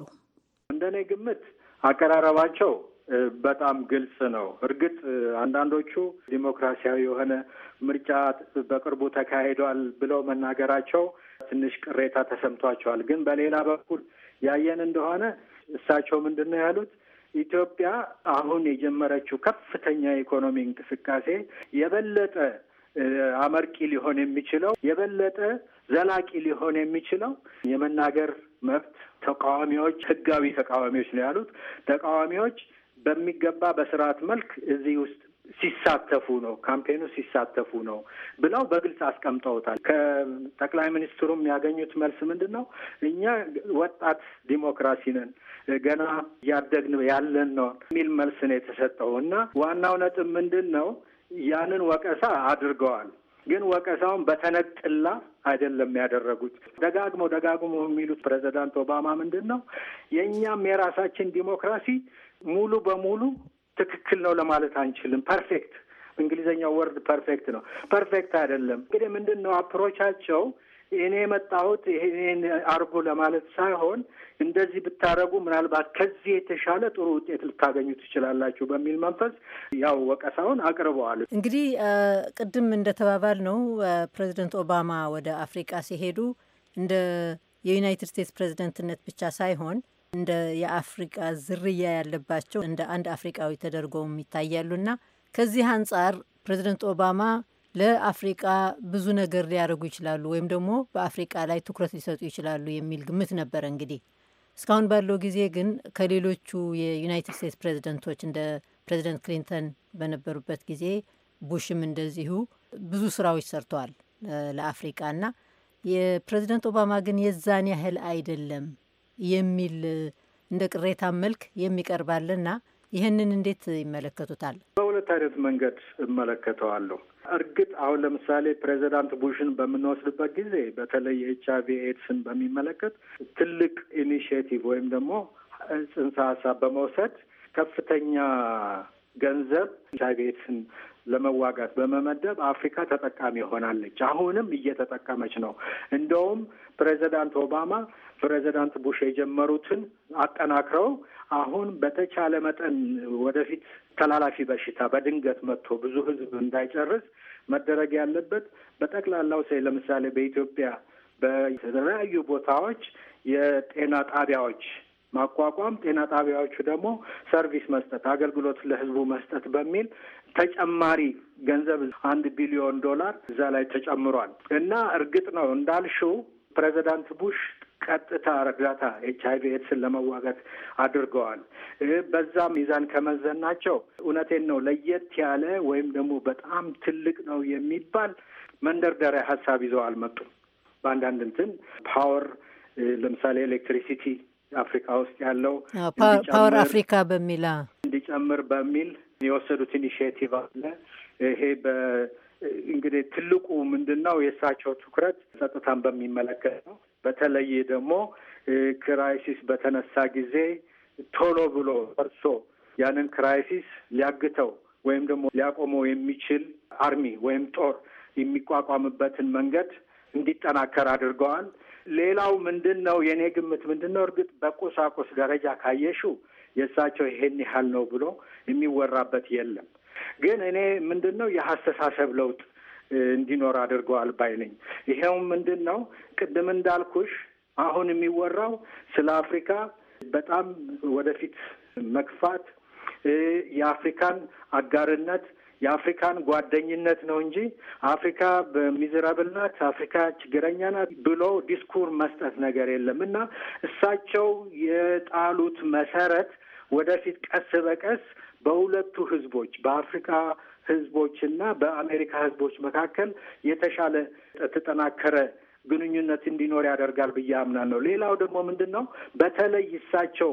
Speaker 14: እንደኔ ግምት አቀራረባቸው በጣም ግልጽ ነው። እርግጥ አንዳንዶቹ ዲሞክራሲያዊ የሆነ ምርጫ በቅርቡ ተካሂዷል ብለው መናገራቸው ትንሽ ቅሬታ ተሰምቷቸዋል። ግን በሌላ በኩል ያየን እንደሆነ እሳቸው ምንድን ነው ያሉት? ኢትዮጵያ አሁን የጀመረችው ከፍተኛ የኢኮኖሚ እንቅስቃሴ የበለጠ አመርቂ ሊሆን የሚችለው የበለጠ ዘላቂ ሊሆን የሚችለው የመናገር መብት ተቃዋሚዎች፣ ህጋዊ ተቃዋሚዎች ነው ያሉት ተቃዋሚዎች በሚገባ በስርዓት መልክ እዚህ ውስጥ ሲሳተፉ ነው፣ ካምፔኑ ሲሳተፉ ነው ብለው በግልጽ አስቀምጠውታል። ከጠቅላይ ሚኒስትሩም ያገኙት መልስ ምንድን ነው? እኛ ወጣት ዲሞክራሲ ነን፣ ገና እያደግን ያለን ነው የሚል መልስ ነው የተሰጠው እና ዋናው ነጥብ ምንድን ነው? ያንን ወቀሳ አድርገዋል። ግን ወቀሳውን በተነጥላ አይደለም ያደረጉት። ደጋግሞ ደጋግሞ የሚሉት ፕሬዚዳንት ኦባማ ምንድን ነው የእኛም የራሳችን ዲሞክራሲ ሙሉ በሙሉ ትክክል ነው ለማለት አንችልም። ፐርፌክት እንግሊዝኛው ወርድ ፐርፌክት ነው። ፐርፌክት አይደለም። እንግዲህ ምንድን ነው አፕሮቻቸው እኔ የመጣሁት ይሄን አርጉ ለማለት ሳይሆን እንደዚህ ብታረጉ ምናልባት ከዚህ የተሻለ ጥሩ ውጤት ልታገኙ ትችላላችሁ በሚል መንፈስ ያው ወቀሳውን አቅርበዋል። እንግዲህ
Speaker 5: ቅድም እንደተባባል ነው ፕሬዚደንት ኦባማ ወደ አፍሪቃ ሲሄዱ እንደ የዩናይትድ ስቴትስ ፕሬዚደንትነት ብቻ ሳይሆን እንደ የአፍሪቃ ዝርያ ያለባቸው እንደ አንድ አፍሪቃዊ ተደርገውም ይታያሉና ከዚህ አንጻር ፕሬዚደንት ኦባማ ለአፍሪቃ ብዙ ነገር ሊያደርጉ ይችላሉ ወይም ደግሞ በአፍሪቃ ላይ ትኩረት ሊሰጡ ይችላሉ የሚል ግምት ነበረ። እንግዲህ እስካሁን ባለው ጊዜ ግን ከሌሎቹ የዩናይትድ ስቴትስ ፕሬዚደንቶች እንደ ፕሬዚደንት ክሊንተን በነበሩበት ጊዜ ቡሽም እንደዚሁ ብዙ ስራዎች ሰርተዋል እና የፕሬዚደንት ኦባማ ግን የዛን ያህል አይደለም የሚል እንደ ቅሬታ መልክ የሚቀርባልና ይህንን እንዴት ይመለከቱታል?
Speaker 14: በሁለት አይነት መንገድ እመለከተዋለሁ። እርግጥ አሁን ለምሳሌ ፕሬዚዳንት ቡሽን በምንወስድበት ጊዜ በተለይ ኤች አይቪ ኤድስን በሚመለከት ትልቅ ኢኒሽቲቭ ወይም ደግሞ ጽንሰ ሀሳብ በመውሰድ ከፍተኛ ገንዘብ ኤች አይቪ ኤድስን ለመዋጋት በመመደብ አፍሪካ ተጠቃሚ ሆናለች። አሁንም እየተጠቀመች ነው። እንደውም ፕሬዚዳንት ኦባማ ፕሬዚዳንት ቡሽ የጀመሩትን አጠናክረው አሁን በተቻለ መጠን ወደፊት ተላላፊ በሽታ በድንገት መጥቶ ብዙ ህዝብ እንዳይጨርስ መደረግ ያለበት በጠቅላላው ሰ ለምሳሌ በኢትዮጵያ በተለያዩ ቦታዎች የጤና ጣቢያዎች ማቋቋም ጤና ጣቢያዎቹ ደግሞ ሰርቪስ መስጠት አገልግሎት ለህዝቡ መስጠት በሚል ተጨማሪ ገንዘብ አንድ ቢሊዮን ዶላር እዛ ላይ ተጨምሯል እና እርግጥ ነው እንዳልሽው ፕሬዚዳንት ቡሽ ቀጥታ እርዳታ ኤች አይቪ ኤድስን ለመዋጋት አድርገዋል። በዛ ሚዛን ከመዘን ናቸው። እውነቴን ነው ለየት ያለ ወይም ደግሞ በጣም ትልቅ ነው የሚባል መንደርደሪያ ሀሳብ ይዘው አልመጡም። በአንዳንድ እንትን ፓወር ለምሳሌ ኤሌክትሪሲቲ አፍሪካ ውስጥ ያለው ፓወር
Speaker 5: አፍሪካ በሚል
Speaker 14: እንዲጨምር በሚል የወሰዱት ኢኒሽቲቭ አለ። ይሄ በእንግዲህ ትልቁ ምንድን ነው የእሳቸው ትኩረት ጸጥታን በሚመለከት ነው። በተለይ ደግሞ ክራይሲስ በተነሳ ጊዜ ቶሎ ብሎ እርሶ ያንን ክራይሲስ ሊያግተው ወይም ደግሞ ሊያቆመው የሚችል አርሚ ወይም ጦር የሚቋቋምበትን መንገድ እንዲጠናከር አድርገዋል። ሌላው ምንድን ነው የእኔ ግምት ምንድን ነው፣ እርግጥ በቁሳቁስ ደረጃ ካየሹ የእሳቸው ይሄን ያህል ነው ብሎ የሚወራበት የለም። ግን እኔ ምንድን ነው የአስተሳሰብ ለውጥ እንዲኖር አድርገዋል ባይ ነኝ። ይኸውም ምንድን ነው? ቅድም እንዳልኩሽ አሁን የሚወራው ስለ አፍሪካ በጣም ወደፊት መግፋት የአፍሪካን አጋርነት የአፍሪካን ጓደኝነት ነው እንጂ አፍሪካ በሚዝረብል ናት፣ አፍሪካ ችግረኛ ናት ብሎ ዲስኩር መስጠት ነገር የለም እና እሳቸው የጣሉት መሰረት ወደፊት ቀስ በቀስ በሁለቱ ህዝቦች በአፍሪካ ህዝቦችና በአሜሪካ ህዝቦች መካከል የተሻለ ተጠናከረ ግንኙነት እንዲኖር ያደርጋል ብዬ አምናለሁ። ሌላው ደግሞ ምንድን ነው በተለይ እሳቸው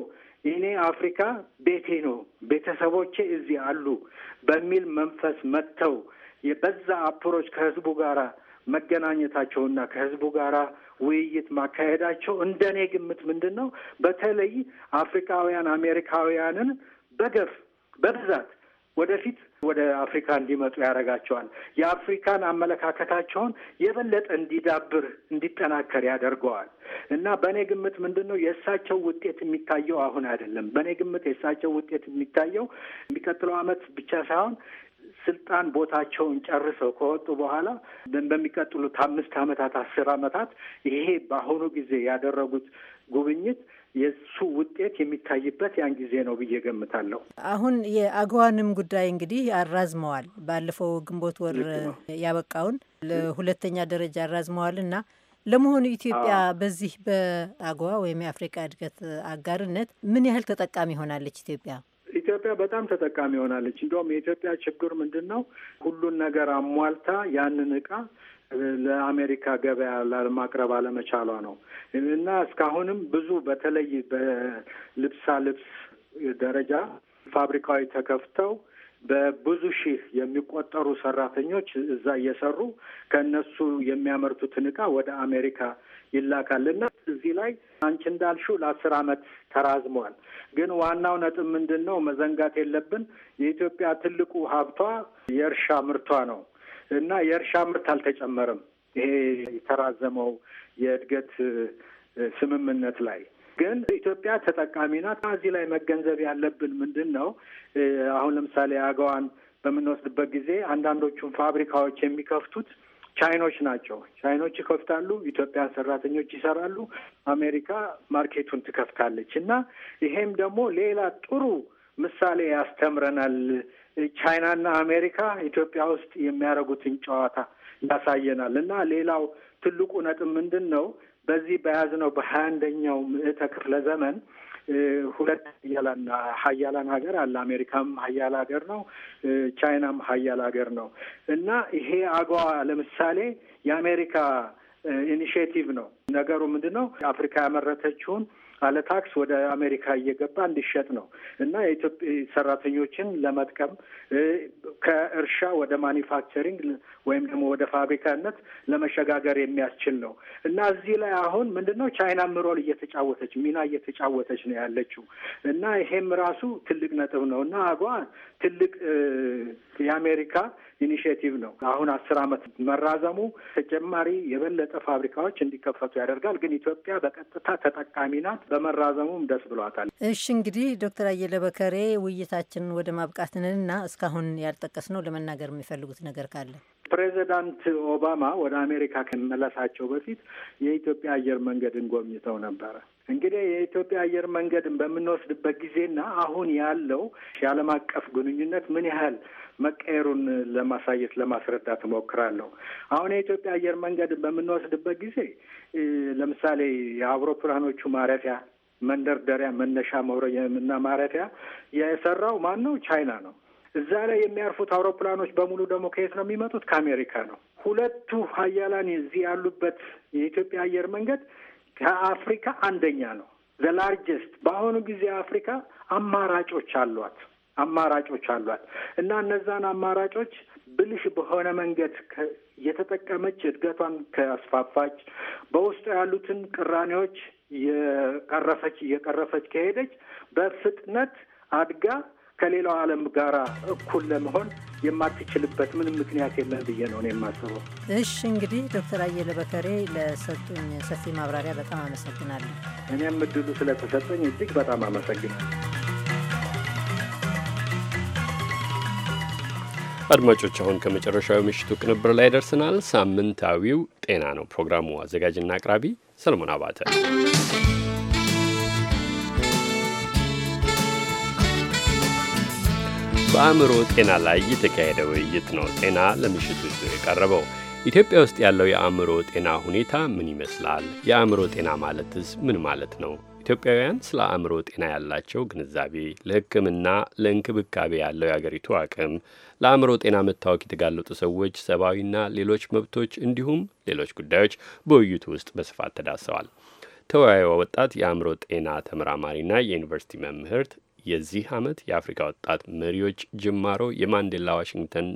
Speaker 14: እኔ አፍሪካ ቤቴ ነው፣ ቤተሰቦቼ እዚህ አሉ በሚል መንፈስ መጥተው በዛ አፕሮች ከህዝቡ ጋራ መገናኘታቸውና ከህዝቡ ጋራ ውይይት ማካሄዳቸው እንደ እኔ ግምት ምንድን ነው በተለይ አፍሪካውያን አሜሪካውያንን በገፍ በብዛት ወደፊት ወደ አፍሪካ እንዲመጡ ያደርጋቸዋል። የአፍሪካን አመለካከታቸውን የበለጠ እንዲዳብር እንዲጠናከር ያደርገዋል እና በእኔ ግምት ምንድን ነው የእሳቸው ውጤት የሚታየው አሁን አይደለም። በእኔ ግምት የእሳቸው ውጤት የሚታየው የሚቀጥለው ዓመት ብቻ ሳይሆን ስልጣን ቦታቸውን ጨርሰው ከወጡ በኋላ በሚቀጥሉት አምስት ዓመታት አስር ዓመታት ይሄ በአሁኑ ጊዜ ያደረጉት ጉብኝት የሱ ውጤት የሚታይበት ያን ጊዜ ነው ብዬ ገምታለሁ።
Speaker 5: አሁን የአገዋንም ጉዳይ እንግዲህ አራዝመዋል። ባለፈው ግንቦት ወር ያበቃውን ለሁለተኛ ደረጃ አራዝመዋል እና ለመሆኑ ኢትዮጵያ በዚህ በአገዋ ወይም የአፍሪካ እድገት አጋርነት ምን ያህል ተጠቃሚ ሆናለች? ኢትዮጵያ
Speaker 14: ኢትዮጵያ በጣም ተጠቃሚ ሆናለች። እንዲሁም የኢትዮጵያ ችግር ምንድን ነው? ሁሉን ነገር አሟልታ ያንን እቃ ለአሜሪካ ገበያ ለማቅረብ አለመቻሏ ነው እና እስካሁንም ብዙ በተለይ በልብሳ ልብስ ደረጃ ፋብሪካዎች ተከፍተው በብዙ ሺህ የሚቆጠሩ ሰራተኞች እዛ እየሰሩ ከእነሱ የሚያመርቱትን እቃ ወደ አሜሪካ እና እዚህ ላይ አንቺ እንዳልሽው ለአስር ዓመት ተራዝሟል። ግን ዋናው ነጥብ ምንድን ነው መዘንጋት የለብን የኢትዮጵያ ትልቁ ሀብቷ የእርሻ ምርቷ ነው። እና የእርሻ ምርት አልተጨመረም። ይሄ የተራዘመው የእድገት ስምምነት ላይ ግን ኢትዮጵያ ተጠቃሚ ናት። እዚህ ላይ መገንዘብ ያለብን ምንድን ነው? አሁን ለምሳሌ አገዋን በምንወስድበት ጊዜ አንዳንዶቹን ፋብሪካዎች የሚከፍቱት ቻይኖች ናቸው። ቻይኖች ይከፍታሉ፣ ኢትዮጵያ ሰራተኞች ይሰራሉ፣ አሜሪካ ማርኬቱን ትከፍታለች። እና ይሄም ደግሞ ሌላ ጥሩ ምሳሌ ያስተምረናል ቻይናና አሜሪካ ኢትዮጵያ ውስጥ የሚያደርጉትን ጨዋታ ያሳየናል እና ሌላው ትልቁ ነጥብ ምንድን ነው? በዚህ በያዝነው በሀያ አንደኛው ምዕተ ክፍለ ዘመን ሁለት ሀያላን ሀያላን ሀገር አለ። አሜሪካም ሀያል ሀገር ነው፣ ቻይናም ሀያል ሀገር ነው እና ይሄ አገዋ ለምሳሌ የአሜሪካ ኢኒሽቲቭ ነው። ነገሩ ምንድን ነው? አፍሪካ ያመረተችውን አለ ታክስ ወደ አሜሪካ እየገባ እንዲሸጥ ነው እና የኢትዮጵያ ሰራተኞችን ለመጥቀም ከእርሻ ወደ ማኒፋክቸሪንግ ወይም ደግሞ ወደ ፋብሪካነት ለመሸጋገር የሚያስችል ነው እና እዚህ ላይ አሁን ምንድን ነው ቻይና ምሮል እየተጫወተች ሚና እየተጫወተች ነው ያለችው እና ይሄም ራሱ ትልቅ ነጥብ ነው እና አጓ ትልቅ የአሜሪካ ኢኒሽቲቭ ነው። አሁን አስር ዓመት መራዘሙ ተጨማሪ የበለጠ ፋብሪካዎች እንዲከፈቱ ያደርጋል። ግን ኢትዮጵያ በቀጥታ ተጠቃሚ ናት። በመራዘሙም ደስ ብሏታል።
Speaker 5: እሺ እንግዲህ ዶክተር አየለ በከሬ ውይይታችንን ወደ ማብቃት ነን እስካሁን ያልጠቀስ ነው ለመናገር የሚፈልጉት ነገር ካለ
Speaker 14: ፕሬዚዳንት ኦባማ ወደ አሜሪካ ከመለሳቸው በፊት የኢትዮጵያ አየር መንገድን ጎብኝተው ነበረ። እንግዲህ የኢትዮጵያ አየር መንገድን በምንወስድበት ጊዜና አሁን ያለው የዓለም አቀፍ ግንኙነት ምን ያህል መቀየሩን ለማሳየት ለማስረዳት እሞክራለሁ። አሁን የኢትዮጵያ አየር መንገድን በምንወስድበት ጊዜ ለምሳሌ የአውሮፕላኖቹ ማረፊያ መንደርደሪያ፣ መነሻ መውረጃና ማረፊያ የሰራው ማን ነው? ቻይና ነው። እዛ ላይ የሚያርፉት አውሮፕላኖች በሙሉ ደግሞ ከየት ነው የሚመጡት? ከአሜሪካ ነው። ሁለቱ ሀያላን እዚህ ያሉበት የኢትዮጵያ አየር መንገድ ከአፍሪካ አንደኛ ነው። ዘላርጀስት በአሁኑ ጊዜ አፍሪካ አማራጮች አሏት አማራጮች አሏት እና እነዛን አማራጮች ብልሽ በሆነ መንገድ የተጠቀመች እድገቷን ከአስፋፋች በውስጡ ያሉትን ቅራኔዎች የቀረፈች እየቀረፈች ከሄደች በፍጥነት አድጋ ከሌላው ዓለም ጋር እኩል ለመሆን የማትችልበት ምንም ምክንያት የለም ብዬ ነው የማስበው።
Speaker 5: እሽ እንግዲህ ዶክተር አየለ በከሬ ለሰጡኝ ሰፊ ማብራሪያ በጣም አመሰግናለሁ።
Speaker 14: እኔም እድሉ ስለተሰጠኝ እጅግ በጣም አመሰግናለሁ።
Speaker 2: አድማጮች አሁን ከመጨረሻዊ ምሽቱ ቅንብር ላይ ደርሰናል። ሳምንታዊው ጤና ነው ፕሮግራሙ አዘጋጅና አቅራቢ ሰለሞን አባተ በአእምሮ ጤና ላይ የተካሄደ ውይይት ነው። ጤና ለምሽቱ ይዞ የቀረበው ኢትዮጵያ ውስጥ ያለው የአእምሮ ጤና ሁኔታ ምን ይመስላል? የአእምሮ ጤና ማለትስ ምን ማለት ነው? ኢትዮጵያውያን ስለ አእምሮ ጤና ያላቸው ግንዛቤ፣ ለሕክምና ለእንክብካቤ ያለው የአገሪቱ አቅም፣ ለአእምሮ ጤና መታወክ የተጋለጡ ሰዎች ሰብአዊና ሌሎች መብቶች እንዲሁም ሌሎች ጉዳዮች በውይይቱ ውስጥ በስፋት ተዳሰዋል። ተወያዩ ወጣት የአእምሮ ጤና ተመራማሪና የዩኒቨርሲቲ መምህርት የዚህ ዓመት የአፍሪካ ወጣት መሪዎች ጅማሮ የማንዴላ ዋሽንግተን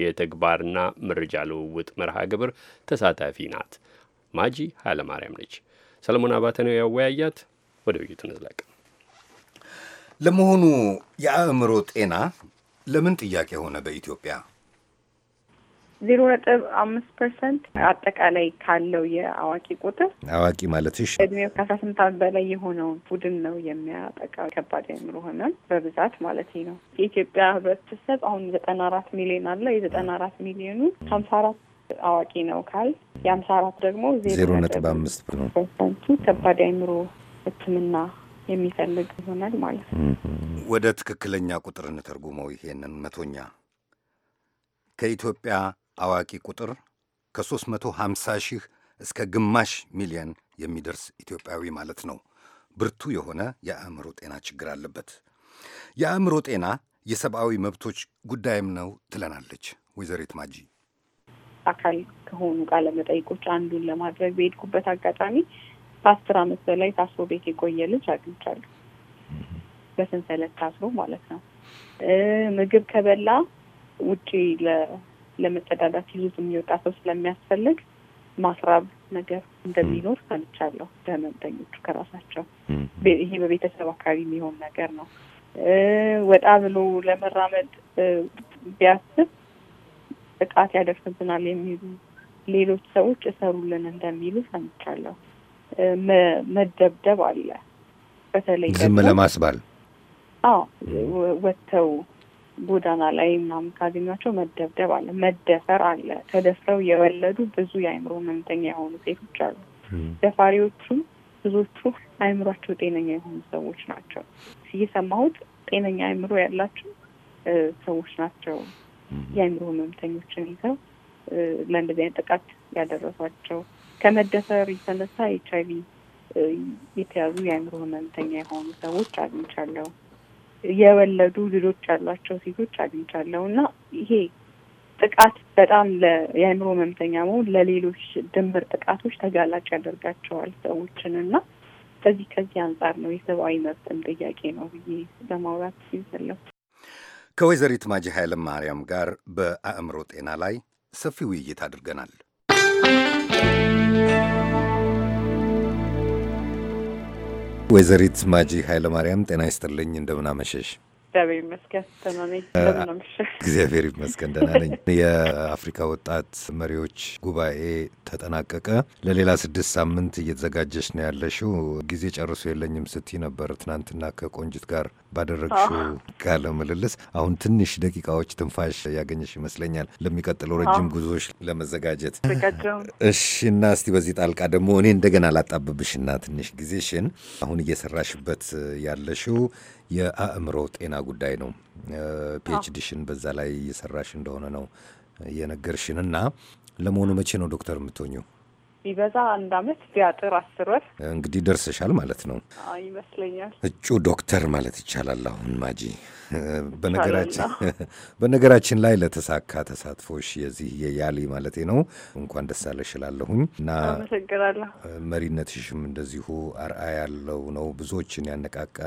Speaker 2: የተግባርና መረጃ ልውውጥ መርሃ ግብር ተሳታፊ ናት። ማጂ ኃይለማርያም ነች። ሰለሞን አባተ ነው ያወያያት። ወደ ውይይቱ እንዝለቅ።
Speaker 10: ለመሆኑ የአእምሮ ጤና ለምን ጥያቄ ሆነ በኢትዮጵያ?
Speaker 1: ዜሮ ነጥብ አምስት ፐርሰንት አጠቃላይ ካለው የአዋቂ ቁጥር
Speaker 10: አዋቂ ማለትሽ
Speaker 1: እድሜው ከአስራ ስምንት ዓመት በላይ የሆነውን ቡድን ነው የሚያጠቃው ከባድ አእምሮ ህመም በብዛት ማለት ነው። የኢትዮጵያ ህብረተሰብ አሁን ዘጠና አራት ሚሊዮን አለ። የዘጠና አራት ሚሊዮኑ ሀምሳ አራት አዋቂ ነው ካል የአምሳ አራት ደግሞ ዜሮ ነጥብ አምስት ፐርሰንቱ ከባድ አእምሮ ህክምና የሚፈልግ ይሆናል ማለት
Speaker 10: ነው። ወደ ትክክለኛ ቁጥር እንተርጉመው ይሄንን መቶኛ ከኢትዮጵያ አዋቂ ቁጥር ከ350 ሺህ እስከ ግማሽ ሚሊየን የሚደርስ ኢትዮጵያዊ ማለት ነው ብርቱ የሆነ የአእምሮ ጤና ችግር አለበት። የአእምሮ ጤና የሰብአዊ መብቶች ጉዳይም ነው ትለናለች ወይዘሪት ማጂ።
Speaker 1: አካል ከሆኑ ቃለመጠይቆች አንዱን ለማድረግ በሄድኩበት አጋጣሚ በአስር ዓመት በላይ ታስሮ ቤት የቆየ ልጅ አግኝቻለሁ። በሰንሰለት ታስሮ ማለት ነው። ምግብ ከበላ ውጪ ለመጸዳዳት ይዙት የሚወጣ ሰው ስለሚያስፈልግ ማስራብ ነገር እንደሚኖር ሰምቻለሁ። ለህመምተኞቹ ከራሳቸው ይሄ በቤተሰብ አካባቢ የሚሆን ነገር ነው። ወጣ ብሎ ለመራመድ ቢያስብ ጥቃት ያደርስብናል የሚሉ ሌሎች ሰዎች እሰሩልን እንደሚሉ ሰምቻለሁ። መደብደብ አለ። በተለይ ዝም ለማስባል አዎ ወጥተው ጎዳና ላይ ምናምን ካገኟቸው መደብደብ አለ፣ መደፈር አለ። ተደፍረው የወለዱ ብዙ የአእምሮ ህመምተኛ የሆኑ ሴቶች አሉ። ደፋሪዎቹም ብዙዎቹ አእምሯቸው ጤነኛ የሆኑ ሰዎች ናቸው። እየሰማሁት ጤነኛ አእምሮ ያላቸው ሰዎች ናቸው የአእምሮ ህመምተኞችን ይዘው ለእንደዚህ አይነት ጥቃት ያደረሷቸው። ከመደፈር የተነሳ ኤች የተያዙ የአይምሮ ህመምተኛ የሆኑ ሰዎች አግኝቻለሁ። የወለዱ ልጆች ያሏቸው ሴቶች አግኝቻለሁ እና ይሄ ጥቃት በጣም የአእምሮ መምተኛ መሆን ለሌሎች ድምር ጥቃቶች ተጋላጭ ያደርጋቸዋል ሰዎችን እና ከዚህ ከዚህ አንጻር ነው የሰብአዊ መብትን ጥያቄ ነው ብዬ ለማውራት ሲፈለው
Speaker 10: ከወይዘሪት ማጂ ኃይለ ማርያም ጋር በአእምሮ ጤና ላይ ሰፊ ውይይት አድርገናል። ወይዘሪት ማጂ ኃይለማርያም ጤና ይስጥልኝ። እንደምናመሸሽ?
Speaker 1: እግዚአብሔር ይመስገን ደህና ነኝ። እግዚአብሔር
Speaker 10: ይመስገን ደህና ነኝ። የአፍሪካ ወጣት መሪዎች ጉባኤ ተጠናቀቀ። ለሌላ ስድስት ሳምንት እየተዘጋጀች ነው ያለሽው። ጊዜ ጨርሶ የለኝም ስቲ ነበር ትናንትና ከቆንጅት ጋር ባደረግሽው ቃለ ምልልስ። አሁን ትንሽ ደቂቃዎች ትንፋሽ ያገኘሽ ይመስለኛል ለሚቀጥለው ረጅም ጉዞዎች ለመዘጋጀት። እሺ እና እስቲ በዚህ ጣልቃ ደግሞ እኔ እንደገና ላጣብብሽና ትንሽ ጊዜሽን አሁን እየሰራሽበት ያለሽው የአእምሮ ጤና ጉዳይ ነው። ፒኤችዲሽን በዛ ላይ እየሰራሽ እንደሆነ ነው የነገርሽን እና ለመሆኑ መቼ ነው ዶክተር የምትሆኚው?
Speaker 1: ቢበዛ አንድ አመት ቢያጥር አስር ወር
Speaker 10: እንግዲህ ደርሰሻል ማለት ነው
Speaker 1: ይመስለኛል።
Speaker 10: እጩ ዶክተር ማለት ይቻላል። አሁን ማጂ በነገራችን በነገራችን ላይ ለተሳካ ተሳትፎሽ የዚህ የያሊ ማለቴ ነው እንኳን ደስ አለሽ እላለሁኝ እና መሪነትሽም እንደዚሁ አርአያ ያለው ነው፣ ብዙዎችን ያነቃቃ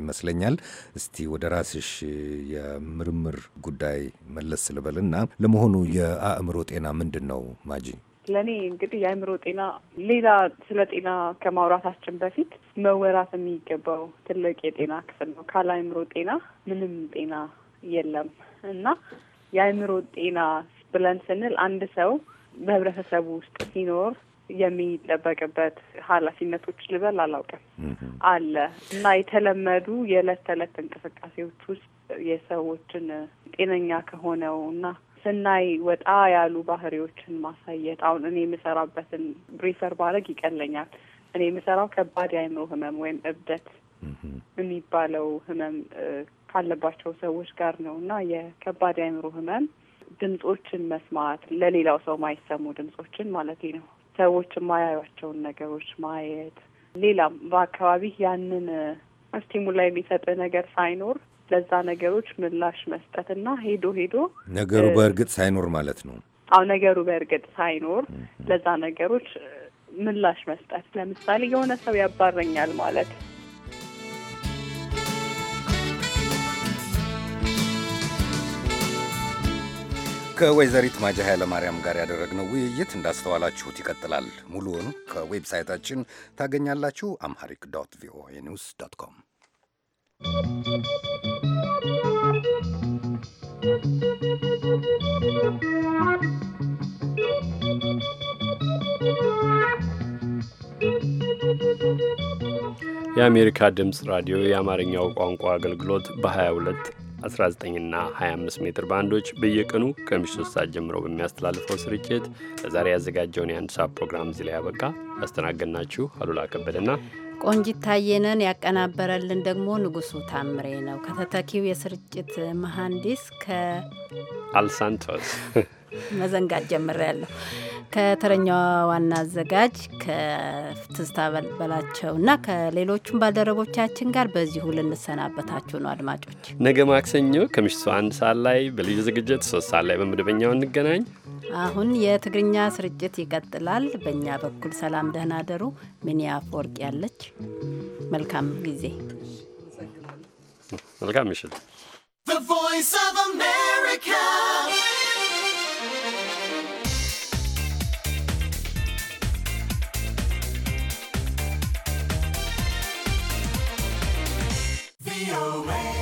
Speaker 10: ይመስለኛል። እስቲ ወደ ራስሽ የምርምር ጉዳይ መለስ ስልበልና ለመሆኑ የአእምሮ ጤና ምንድን ነው ማጂ?
Speaker 1: ለእኔ እንግዲህ የአእምሮ ጤና ሌላ ስለ ጤና ከማውራታችን በፊት መወራት የሚገባው ትልቅ የጤና ክፍል ነው። ካለ አእምሮ ጤና ምንም ጤና የለም እና የአእምሮ ጤና ብለን ስንል አንድ ሰው በህብረተሰቡ ውስጥ ሲኖር የሚጠበቅበት ኃላፊነቶች ልበል አላውቅም አለ እና የተለመዱ የዕለት ተዕለት እንቅስቃሴዎች ውስጥ የሰዎችን ጤነኛ ከሆነው እና ስናይ ወጣ ያሉ ባህሪዎችን ማሳየት አሁን እኔ የምሰራበትን ብሪፈር ባረግ ይቀለኛል። እኔ የምሰራው ከባድ የአእምሮ ህመም ወይም እብደት የሚባለው ህመም ካለባቸው ሰዎች ጋር ነው እና የከባድ የአእምሮ ህመም ድምጾችን መስማት ለሌላው ሰው ማይሰሙ ድምጾችን ማለት ነው። ሰዎች የማያዩቸውን ነገሮች ማየት፣ ሌላም በአካባቢ ያንን ስቲሙላ የሚሰጥ ነገር ሳይኖር ለዛ ነገሮች ምላሽ መስጠት እና ሄዶ ሄዶ
Speaker 10: ነገሩ በእርግጥ ሳይኖር ማለት ነው።
Speaker 1: አዎ ነገሩ በእርግጥ ሳይኖር ለዛ ነገሮች ምላሽ መስጠት። ለምሳሌ የሆነ ሰው ያባረኛል ማለት
Speaker 10: ከወይዘሪት ማጃ ኃይለማርያም ጋር ያደረግነው ውይይት እንዳስተዋላችሁት ይቀጥላል። ሙሉውን ከዌብሳይታችን ታገኛላችሁ። አምሃሪክ ዶት ቪኦኤ ኒውስ ዶት ኮም
Speaker 2: የአሜሪካ ድምፅ ራዲዮ የአማርኛው ቋንቋ አገልግሎት በ22 19ና 25 ሜትር ባንዶች በየቀኑ ከምሽቱ ሶስት ሰዓት ጀምሮ በሚያስተላልፈው ስርጭት ለዛሬ ያዘጋጀውን የአንድ ሰዓት ፕሮግራም እዚህ ላይ ያበቃ። ያስተናገድናችሁ አሉላ ከበደና
Speaker 4: ቆንጂት ታየነን ያቀናበረልን ደግሞ ንጉሱ ታምሬ ነው። ከተተኪው የስርጭት መሐንዲስ
Speaker 2: ከአልሳንቶስ
Speaker 4: መዘንጋት ጀምሬያለሁ። ከተረኛዋ ዋና አዘጋጅ ከትዝታ በላቸው እና ከሌሎቹም ባልደረቦቻችን ጋር በዚሁ ልንሰናበታችሁ ነው። አድማጮች
Speaker 2: ነገ ማክሰኞ ከምሽቱ አንድ ሰዓት ላይ በልዩ ዝግጅት ሶስት ሰዓት ላይ በመደበኛው እንገናኝ።
Speaker 4: አሁን የትግርኛ ስርጭት ይቀጥላል። በእኛ በኩል ሰላም፣ ደህና ደሩ። ሚኒያ አፈወርቅ ያለች መልካም ጊዜ፣ መልካም ምሽት።
Speaker 9: The voice of America.
Speaker 10: VOA.